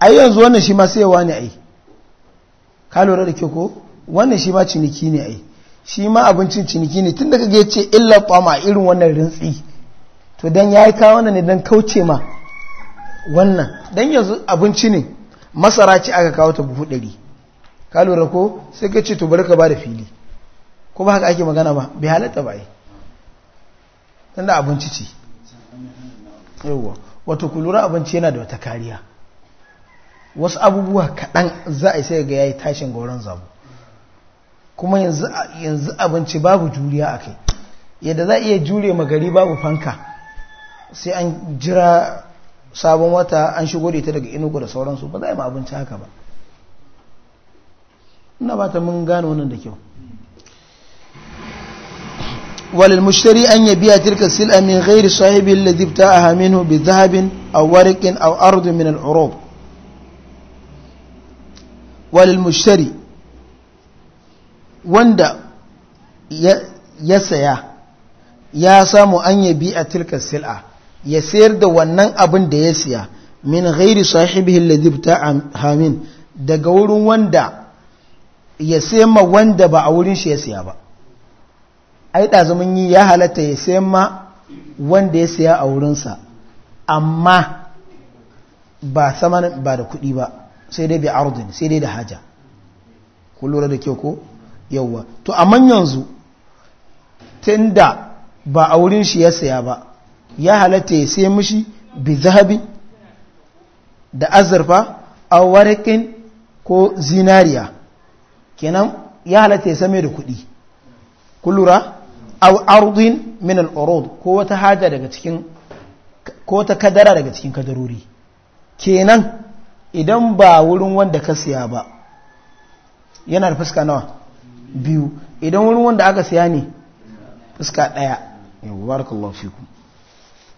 Speaker 1: a yanzu wannan shi ma sai wani yi ka lura da ke ko wannan shi ma ciniki ne a yi shi ma abincin ciniki ne tun daga kage ce illa kwama irin wannan rintsi to ya yi kawo wannan ne don kauce ma wannan don yanzu abinci ne masara ce aka kawo ta buhu ɗari ka lura ko sai ka ce to bari ka ba da fili ko ba haka ake magana ba bai halatta ba yi tun da abinci ce yawwa wato abinci yana da wata kariya wasu abubuwa kaɗan za a yi sai ga ya yi tashin goron zabu kuma yanzu abinci babu juriya a kai yadda za a iya jure magari babu fanka sai an jira sabon wata an shigo da ita daga inugu da sauransu ba za a yi ma abinci haka ba ina ba ta mun gano wannan da kyau walil mushtari an ya biya tilka sil'a min ghairi sahibi alladhi a haminu bi zahabin a warikin a ardu min al'urub walil mushtari wanda ya saya ya samu an bi a tilka sil'a ya sayar da wannan abin da ya siya min ghairi sahibihi alladhi bta'a daga wurin wanda ya sayar wanda ba a wurin shi ya siya ba ai ɗazumin yi ya halatta ya sayan ma wanda ya saya a wurinsa amma ba saman ba da kuɗi ba sai dai bi ardin sai dai da haja ku lura da kyau ko yawwa to amma yanzu tunda ba a wurin shi ya saya ba ya halatta ya sai mishi bi zahabi da azurfa a warikin ko zinariya kenan ya halatta ya same da kuɗi ku lura aw ardin min al-urud ko wata haja daga cikin ko ta kadara daga cikin kadarori kenan idan ba wurin wanda ka siya ba yana da fuska nawa biyu idan wurin wanda aka siya ne fuska ɗaya barakallahu fikum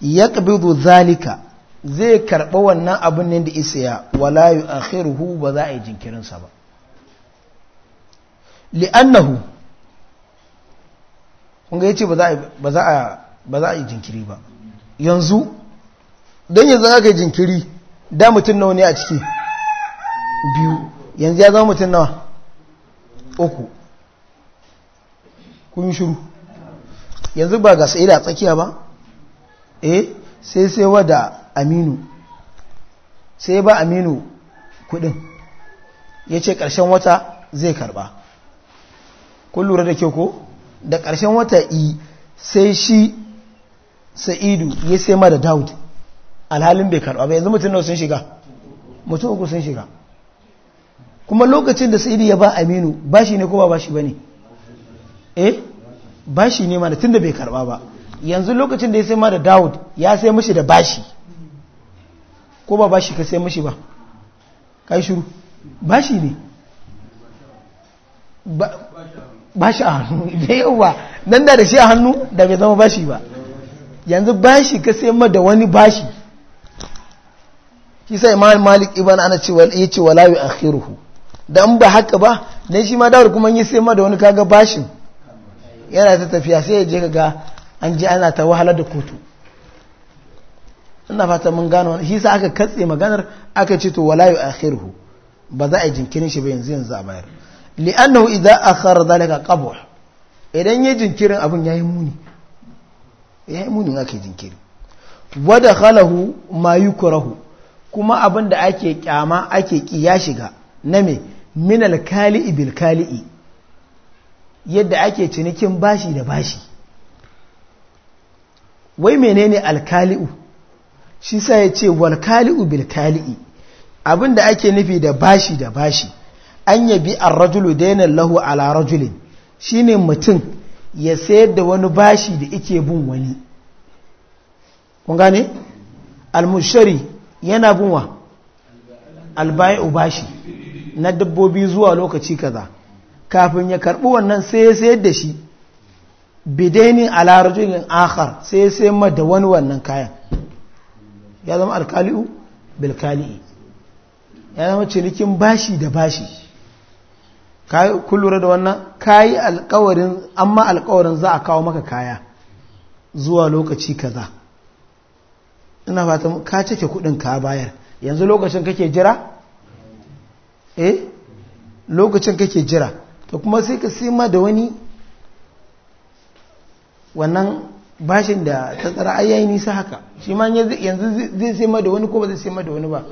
Speaker 1: ya ƙabidu zalika zai karɓa wannan abin ne da ya wala yu akhiruhu ba za a yi jinkirinsa ba li'annahu kun ga yace ba za a yi jinkiri ba yanzu don yanzu aka yi jinkiri da mutum nawa ne a ciki biyu yanzu ya zama mutum nawa uku kun shuru yanzu ba ga sa'idu a tsakiya ba eh sai sai wada aminu sai ba aminu kudin ya ce ƙarshen wata zai karba kun lura da ke ko da ƙarshen wata i sai shi sa'idu ya sai ma da daud alhalin bai karɓa ba yanzu mutum na sun shiga mutum uku sun shiga kuma lokacin da sa'idu ya ba aminu ba shi ne ko ba shi ba ne eh ba shi ne mana tunda bai karɓa ba yanzu lokacin da ya sai ma da dawud ya sai mashi da bashi ko ba bashi ka sai mashi ba kai shuru bashi ne bashi a hannu da yawa nan da da shi a hannu da bai zama bashi ba yanzu bashi ka sai ma da wani bashi kisa imam malik ibn ana ce wal yace wala yu akhiruhu dan ba haka ba ne shi ma dawar kuma yi sai ma da wani kaga bashin yana ta tafiya sai ya je kaga an ji ana ta wahala da kotu ina fata mun gano shi sai aka katse maganar aka ce to wala yu akhiruhu ba za a jinkirin shi ba yanzu yanzu a bayar li'annahu idza akhar zalika qabuh idan ya jinkirin abun yayi muni yayi muni ake jinkiri wa dakhalahu ma yukrahu kuma abin da ake kyama ake ki ya shiga na me minal kali'i bil yadda ake cinikin bashi da bashi wai menene alkali'u shi sa ya ce walkali'u bilkali'i? abin da ake nufi da bashi da bashi an yabi ar-rajulu dainan lahu ala rajulin shine mutum ya sayar da wani bashi da yake bin wani kun gane al yana bin wa albayi ubashi na dabbobi zuwa lokaci kaza kafin ya karbi wannan sai ya sayar da shi bidainin alarajulin akhar sai ya sayar ma da wani wannan kayan ya zama alkali'u bilkali'i ya zama cinikin bashi da bashi kun lura da wannan kayi alkawarin amma alkawarin za a kawo maka kaya zuwa lokaci kaza ina fata ka cike kudin ka bayar yanzu lokacin kake jira eh lokacin kake jira to kuma sai ka sima da wani wannan bashin da ta tsara ai nisa haka shi ma yanzu zai sima da wani ko ba zai sima da wani ba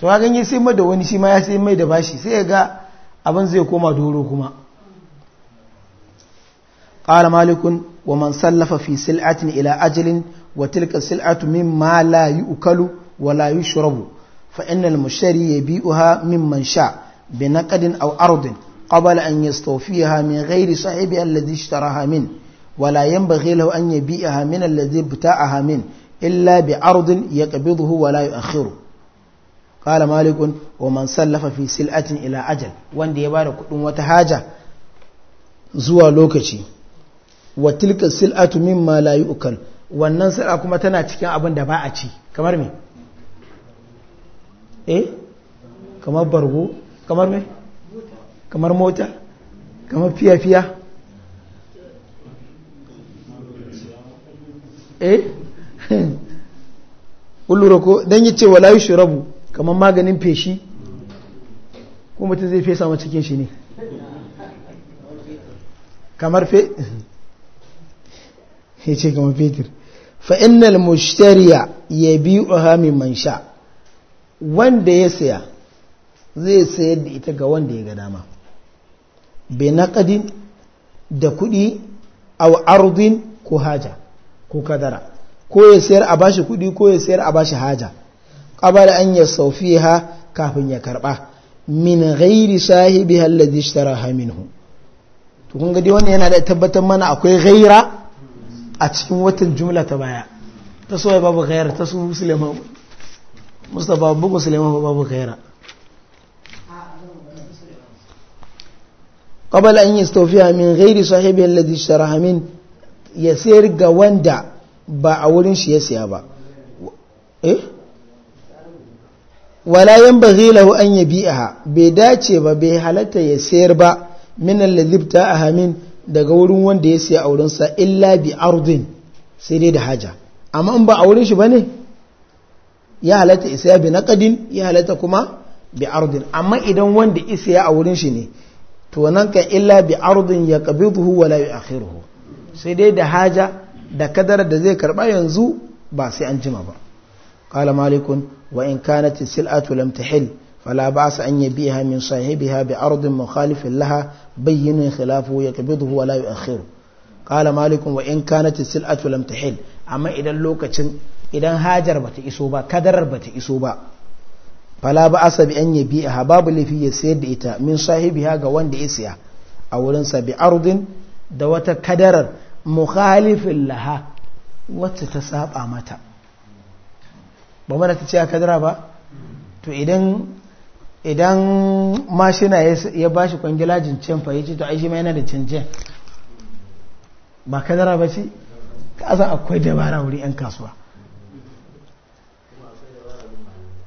Speaker 1: to ka ganye sima da wani shi ma ya sima da bashi sai ya ga abin zai koma doro kuma قال مالك ومن سلف في سلعة إلى أجل وتلك السلعة مما لا يؤكل ولا يشرب فإن المشتري يبيعها ممن شاء بنقد أو أرض قبل أن يستوفيها من غير صاحبها الذي اشتراها منه ولا ينبغي له أن يبيعها من الذي ابتاعها منه إلا بعرض يقبضه ولا يؤخره قال مالك ومن سلف في سلعة إلى أجل وان يبارك وتهاجة زوى لوكشي وتلك السلعة مما لا يؤكل wannan sara kuma tana cikin abin da ba a ci kamar me eh kamar bargo kamar me kamar mota kamar fiya-fiya eh kullura ko don yi ce wala yi shirabu kamar maganin feshi ko mutum zai fesa ma cikin shi ne kamar fe ya ce kamar fetur fa ya mushtariya ya biyu man sha wanda ya saya zai sayar da ita ga wanda ya ga dama bai naƙadin da kuɗi a ardin ko haja ko kadara ko ya sayar a bashi kuɗi ko ya sayar a bashi haja ƙabar an ya saufi ha kafin ya karɓa min ghairi sahibi halladi shi tara haminu to kun gadi wannan yana da tabbatar mana akwai ghaira a cikin watan jumla ta baya ta soya babu khaira ta su musulama mustapha bugu musulama ba babu khaira qabala an yastawfiya min ghairi sahibi alladhi sharaha ya sayar ga wanda ba a wurin shi ya siya ba eh wala yanbaghi lahu an ha bai dace ba bai halatta ya sayar ba min alladhi a min daga wurin wanda ya siya aurensa illa bi ardin sai dai da haja amma in ba wurin shi ne ya halatta isaya bi naqadin ya halatta kuma bi ardin amma idan wanda isaya wurin shi ne to nan ka illa bi ardin ya qabidhu wa la yu'akhiruhu sai dai da haja da kadara da zai karba yanzu ba sai an jima ba qala malikun wa in kanat sil'atu lam tahil فلا بأس أن يبيها من صاحبها بأرض مخالف لها بين خلافه يقبضه ولا يؤخره قال مالك وإن كانت السلعة لم تحل أما إذا اللوكة إذا هاجر بت إسوبا كدر بت إسوبا فلا بأس بأن يبيعها باب اللي في يسير إتا من صاحبها قوان دئسيا أو لنسى بأرض دوات كدر مخالف لها وتتساب أمتا بمنا تتيا كدرها ba to idan idan mashina ya ba shi kwangila jincin fa ya ce to aishi ma yana da cincin ba kadara ba ce kasan akwai dabara wuri 'yan kasuwa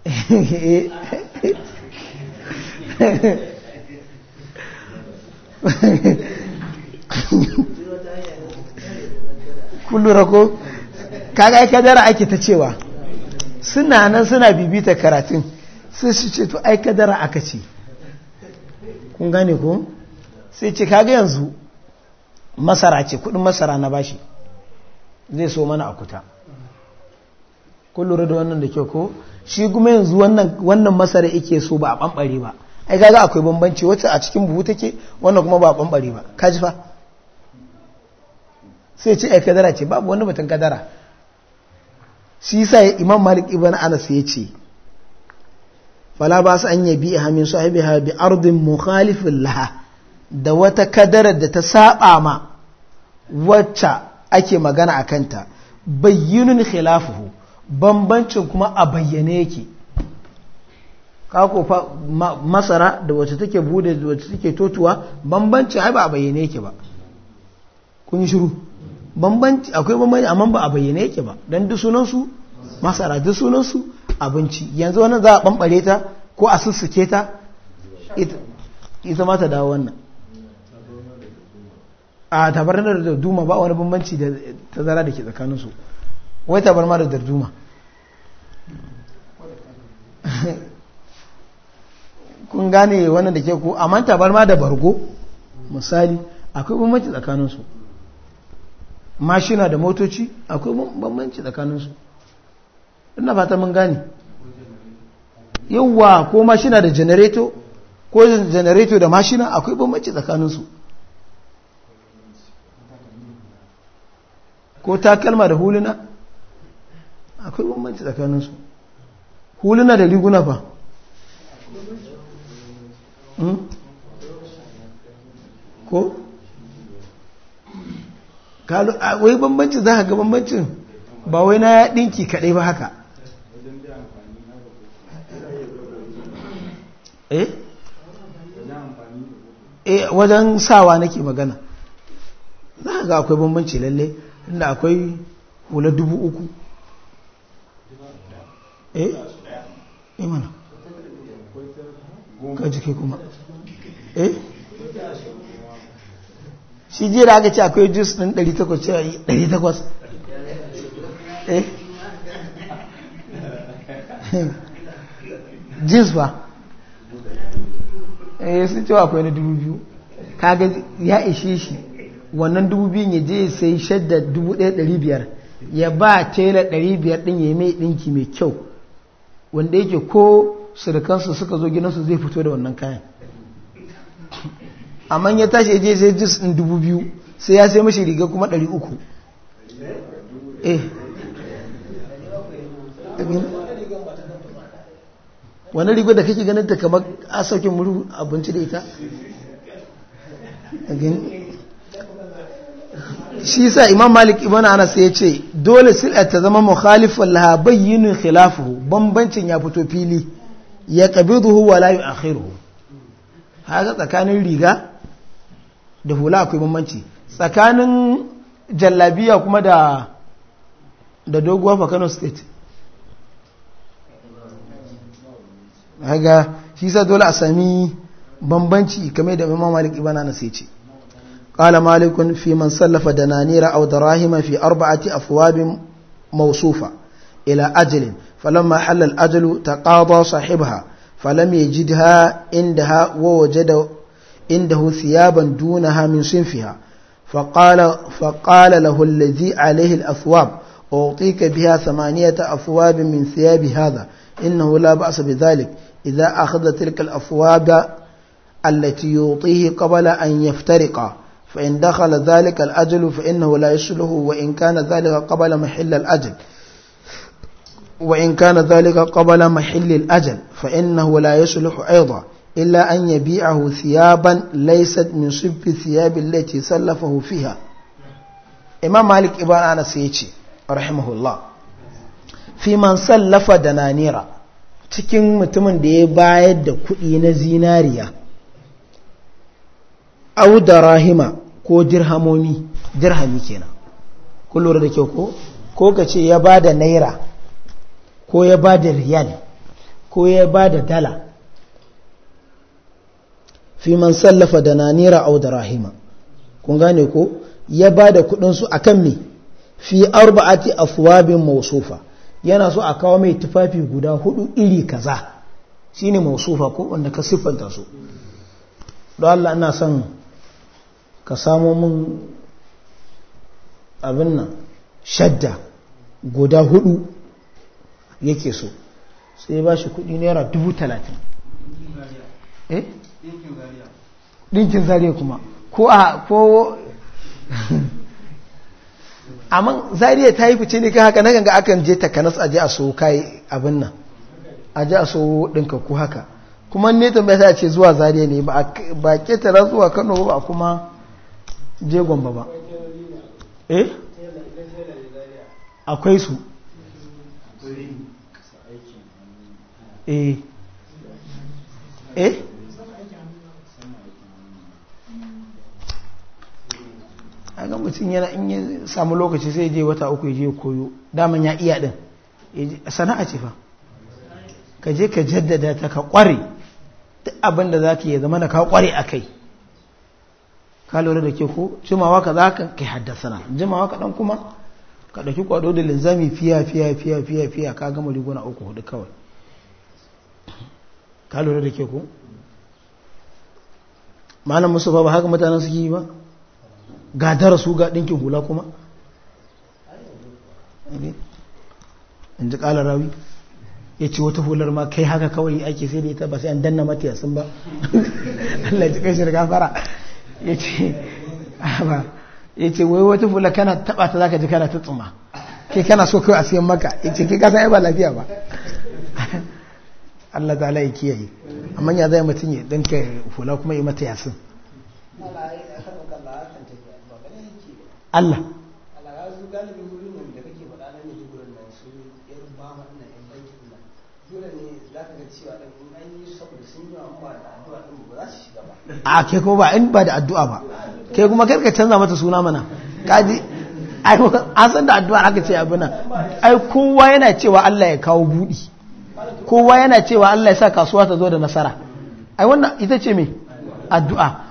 Speaker 1: kullura ko kaga kadara ake ta cewa suna nan suna bibita karatun sai shi ce to ai kadara aka ce kun gane ko sai ce kaga yanzu masara ce kudin masara na bashi zai so mana akuta kun lura da wannan da kyau ko shi kuma yanzu wannan masara yake so ba a bambare ba ai kaga akwai bambanci wacce a cikin buhu take wannan kuma ba a bambare ba kaji fa sai ce ai kadara ce babu wani batun kadara shi sai imam malik ibn anas ya ce fala ba su an yabi a min sahibiha bi ardin mukhalifin laha da wata kadarar da ta saba ma wacce ake magana a kanta bayyinun khilafuhu bambancin kuma a bayyane yake kako masara da wacce take bude da wacce take totuwa bambanci ai ba a bayyane yake ba kun shiru bambanci akwai bambanci amma ba a bayyane yake ba dan duk sunansu masara duk sunansu. su abinci yanzu wannan za a bambare ta ko a sussuke ta ita ma ta dawo wannan a tabarnar da darduma ba wani bambanci da zara da ke tsakaninsu wai tabarmar da darduma kun gane wannan da ke ku amma tabarma da bargo misali akwai bambanci tsakaninsu mashina da motoci akwai bambanci tsakaninsu ina fata mun gane yawwa ko mashina da janareto ko janareto da mashina akwai bambanci tsakaninsu ko takalma da huluna akwai bambanci tsakaninsu huluna da riguna fa hmm? ko wai bambanci za ka ga bambancin ba wai na ya dinki kaɗai ba haka eh eh wajen sawa nake magana za ka ga akwai bambanci lalle inda akwai hula dubu uku eh eh mana ka jike kuma eh shi jira da aka ce akwai jus ɗin 800 800 eh jins ba Eh, sun cewa akwai na dubu biyu ga ya ishe shi wannan dubu biyun ya je sai shadda dubu ɗaya ɗari biyar ya ba tela ɗari biyar ɗin ya mai ɗinki mai kyau wanda yake ko surukansu suka zo gidansu zai fito da wannan kayan amma ya tashi ya je sai jus ɗin dubu biyu sai ya sai mashi riga kuma ɗari uku eh wani riga da kake ganin ta kamar a saukin muru abinci da ita shi sa imam malik ibn anas ya ce dole sil'a ta zama mukhalifan laha bayyinin khilafu bambancin ya fito fili ya zuhu wa a yu'akhiruhu haka tsakanin riga da hula akwai bambanci tsakanin jallabiya kuma da doguwar doguwa fa Kano state haga shi sa dole a sami bambanci kamar da imam malik ibn anas yace qala malikun fi man sallafa dananira aw darahima fi arba'ati afwabin mawsufa ila ajalin falamma halal ajalu taqada sahibha falam yajidha indaha wa wajada indahu thiyaban dunaha min sinfiha فقال فقال له الذي عليه الأثواب أعطيك بها ثمانية أثواب من ثياب هذا إنه لا بأس بذلك إذا أخذ تلك الأفواب التي يعطيه قبل أن يفترق فإن دخل ذلك الأجل فإنه لا يشله وإن كان ذلك قبل محل الأجل وإن كان ذلك قبل محل الأجل فإنه لا يصلح أيضا إلا أن يبيعه ثيابا ليست من شب الثياب التي سلفه فيها إمام مالك إبان أنس سيتي رحمه الله fi man sallafa da nanira cikin mutumin da ya bayar da kuɗi na zinariya au da rahima ko dirhamomi dirhami kenan ko lura da kyau ko ko ka ce ya ba da naira ko ya ba da riyal ko ya ba da dala fi man sallafa da nanira au da rahima kun gane ko ya ba da kuɗinsu a kan me fi arba'ati bin mausufa yana so a kawo mai tufafi guda hudu iri kaza shine mausufa ko wanda ka siffanta su don Allah ina son ka samo mun abin nan shadda guda hudu yake so sai ba shi kudi naira dubu talatin eh? zariya kuma ko a ko amma zariya ta yi fice ne ka haka na ganga akan je takanas a ji a so kai abin nan a ji a so ɗinka ku haka kuma ne tambaya ta ce zuwa zariya ne ba ketara zuwa kano ba kuma je gwamba ba eh akwai su eh eh ga mutum yana in yi samu lokaci sai je wata uku je koyo daman ya iya din sana'a ce fa ka je ka jaddada ta ka kware duk abin da ka yi zama ka kware kai ka lura da ke ko jimawa ka zaka kai haddasana jimawa ka dan kuma ka ɗauki kwado da linzami fiya fiya fiya fiya fiya ka gama riguna uku hudu kawai ka lura da ke ko malam musu ba haka mutanen su yi ba ga darasu ga ɗinkin hula kuma in ji ƙala rawi ya ce wata hular ma kai haka kawai ake sai da ita ba sai an danna mata yasin ba Allah ji kai shirka fara ya ce ba ya ce wai wata hular kana taba ta zaka ji kana ta tsuma ke kana so kai a siyan maka ya ce ke kasa ai ba lafiya ba Allah ta ya kiyaye amma ya zai mutum ya danka hula kuma yi mata yasin Allah a ke ko ba in ba da addu'a ba ke kuma karka canza mata suna mana kaji an san da addu'a aka ce abin nan ai kowa yana cewa Allah ya kawo budi kowa yana cewa Allah ya sa kasuwa ta zo da nasara ai wannan ita ce me addu'a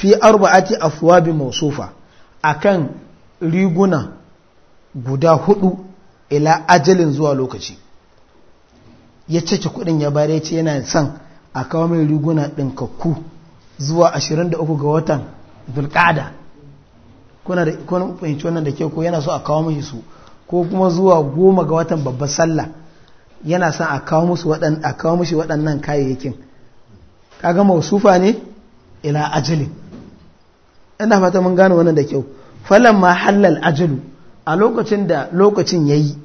Speaker 1: fi arba'ati afwabi mawsufa akan riguna guda hudu ila ajalin zuwa lokaci ya cike kudin ya bare ce yana son a kawo mai riguna ɗinkakku zuwa 23 ga watan dulkada kuna da fahimci wannan da ke ko yana so a kawo mai su ko kuma zuwa goma ga watan babbar sallah yana son a kawo musu a kawo mashi waɗannan kayayyakin kaga mausufa ne ila ajalin ina fata mun gane wannan da kyau ma halal ajalu a lokacin da lokacin yayi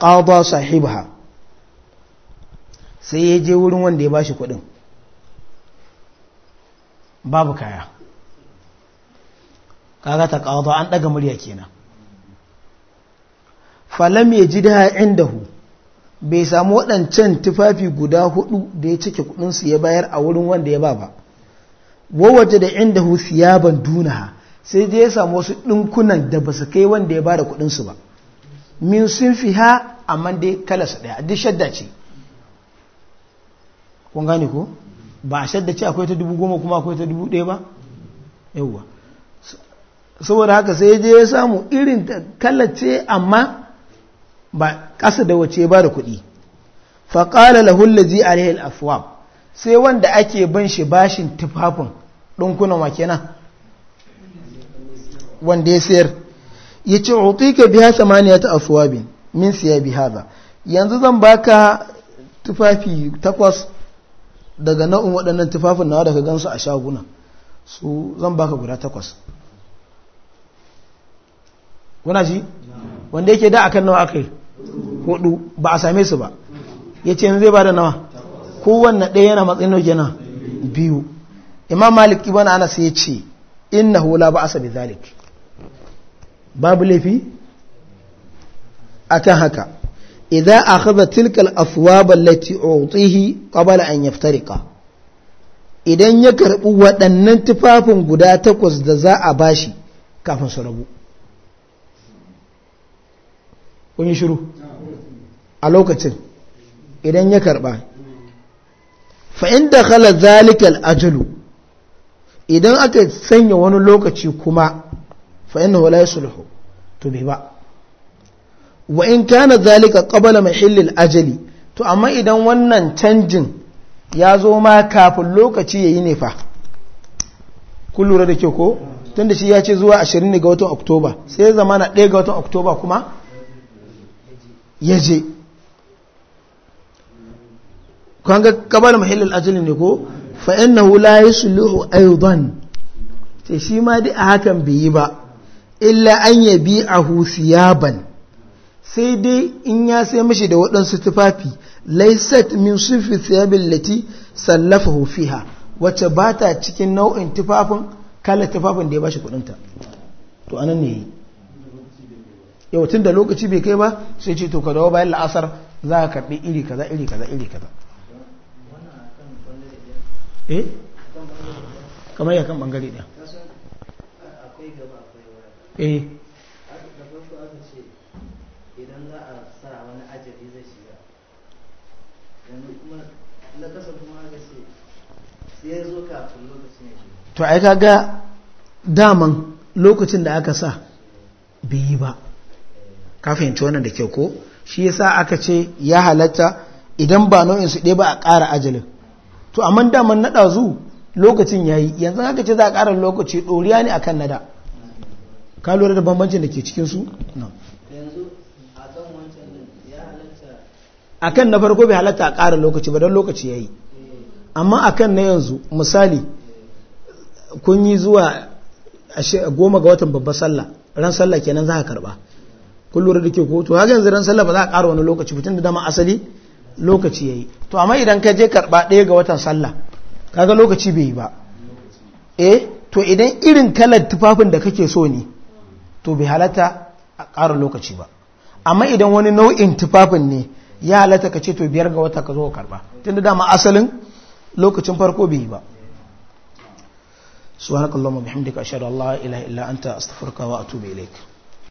Speaker 1: qada sahibha sai ya je wurin wanda ya bashi kuɗin babu kaya kaga ta qada an daga murya kenan falam yajidha indahu bai samu wadancan tufafi guda hudu da ya cike su ya bayar a wurin wanda ya ba ba wawaje da inda hu siyaban dunaha sai dai ya samu wasu ɗinkunan da ba su kai wanda ya ba da kuɗinsu ba min sun fi ha amma dai su ɗaya duk shadda ce kun gane ko ba a shadda ce akwai ta dubu goma kuma akwai ta dubu ɗaya ba yawwa saboda haka sai je ya samu irin kala ce amma ba ƙasa da wace ba da kuɗi faƙala lahullazi alaihi al'afwab sai wanda ake ban shi bashin tufafin ɗunkunan wa kenan wanda ya sayar ya ce utika biya samaniya ta aswabin min siya bi haza yanzu zan baka tufafi takwas daga nau'in waɗannan tufafin nawa daga gansu a shaguna su zan baka guda takwas kuna ji wanda yake da akan nawa akai hudu ba a same su ba yace ce zai ba da nawa kowanne ɗaya yana matsayin nauke na biyu imam malik ibn anas ya ce innahu la ba bi zalik babu laifi kan haka idan akhadha tilka al-athwab allati utihi qabla an yaftariqa idan ya karɓi waɗannan tufafin guda takwas da za a bashi kafin su rabu kun yi shiru a lokacin idan ya karba fa inda khala zalikal ajalu idan aka sanya wani lokaci kuma fa inna wala yasluhu to bai ba wa in kana zalika qabla al ajali to amma idan wannan canjin ya zo ma kafin lokaci yayi ne fa kun lura da ke ko tunda shi ya ce zuwa 20 ga watan oktoba sai zama na 1 ga watan oktoba kuma ya je kwanga kabar mahallin ajali ne ko fa innahu la yusluhu aidan ce shi ma dai a hakan bai yi ba illa an bi a husiyaban sai dai in ya sai mashi da waɗansu tufafi laisat min sufi siyabin lati sallafa hufiha wacce ba ta cikin nau'in tufafin kala tufafin da ya bashi kudinta to anan ne yau tun da lokaci bai kai ba sai ce to ka dawo bayan la'asar za ka karɓi iri kaza iri kaza iri kaza eh kamar yakan bangare ɗaya eh a sa wani ajali to ai kaga daman lokacin da aka sa biyi ba kafin fahimci wannan da ke ko shi ya sa aka ce ya halatta idan ba nau'in su ɗaya ba a ƙara ajalin to amma daman nada zu lokacin ya yi yanzu haka ce za a ƙara lokaci ɗoriya ne akan nada ka lura da bambancin da ke cikinsu a kan na farko bai halatta a ƙara lokaci ba don lokaci ya yi eh. amma a kan na yanzu misali kun yi zuwa goma ga watan babbar sallah ran sallah kenan za a karba kun lura da ke ko to haka yanzu ran sallah ba za a ƙara wani lokaci fitin da dama asali lokaci ya yi to amma idan ka je karba ɗaya ga watan sallah kaga lokaci bai yi ba eh to idan irin kalar tufafin da kake so ne to bai halata a ƙara lokaci ba amma idan wani nau'in tufafin ne ya halata ka ce to biyar ga wata ka zo ka karba tunda dama asalin lokacin farko bai yi ba subhanakallahumma bihamdika ashhadu an la ilaha illa anta astaghfiruka wa atubu ilaik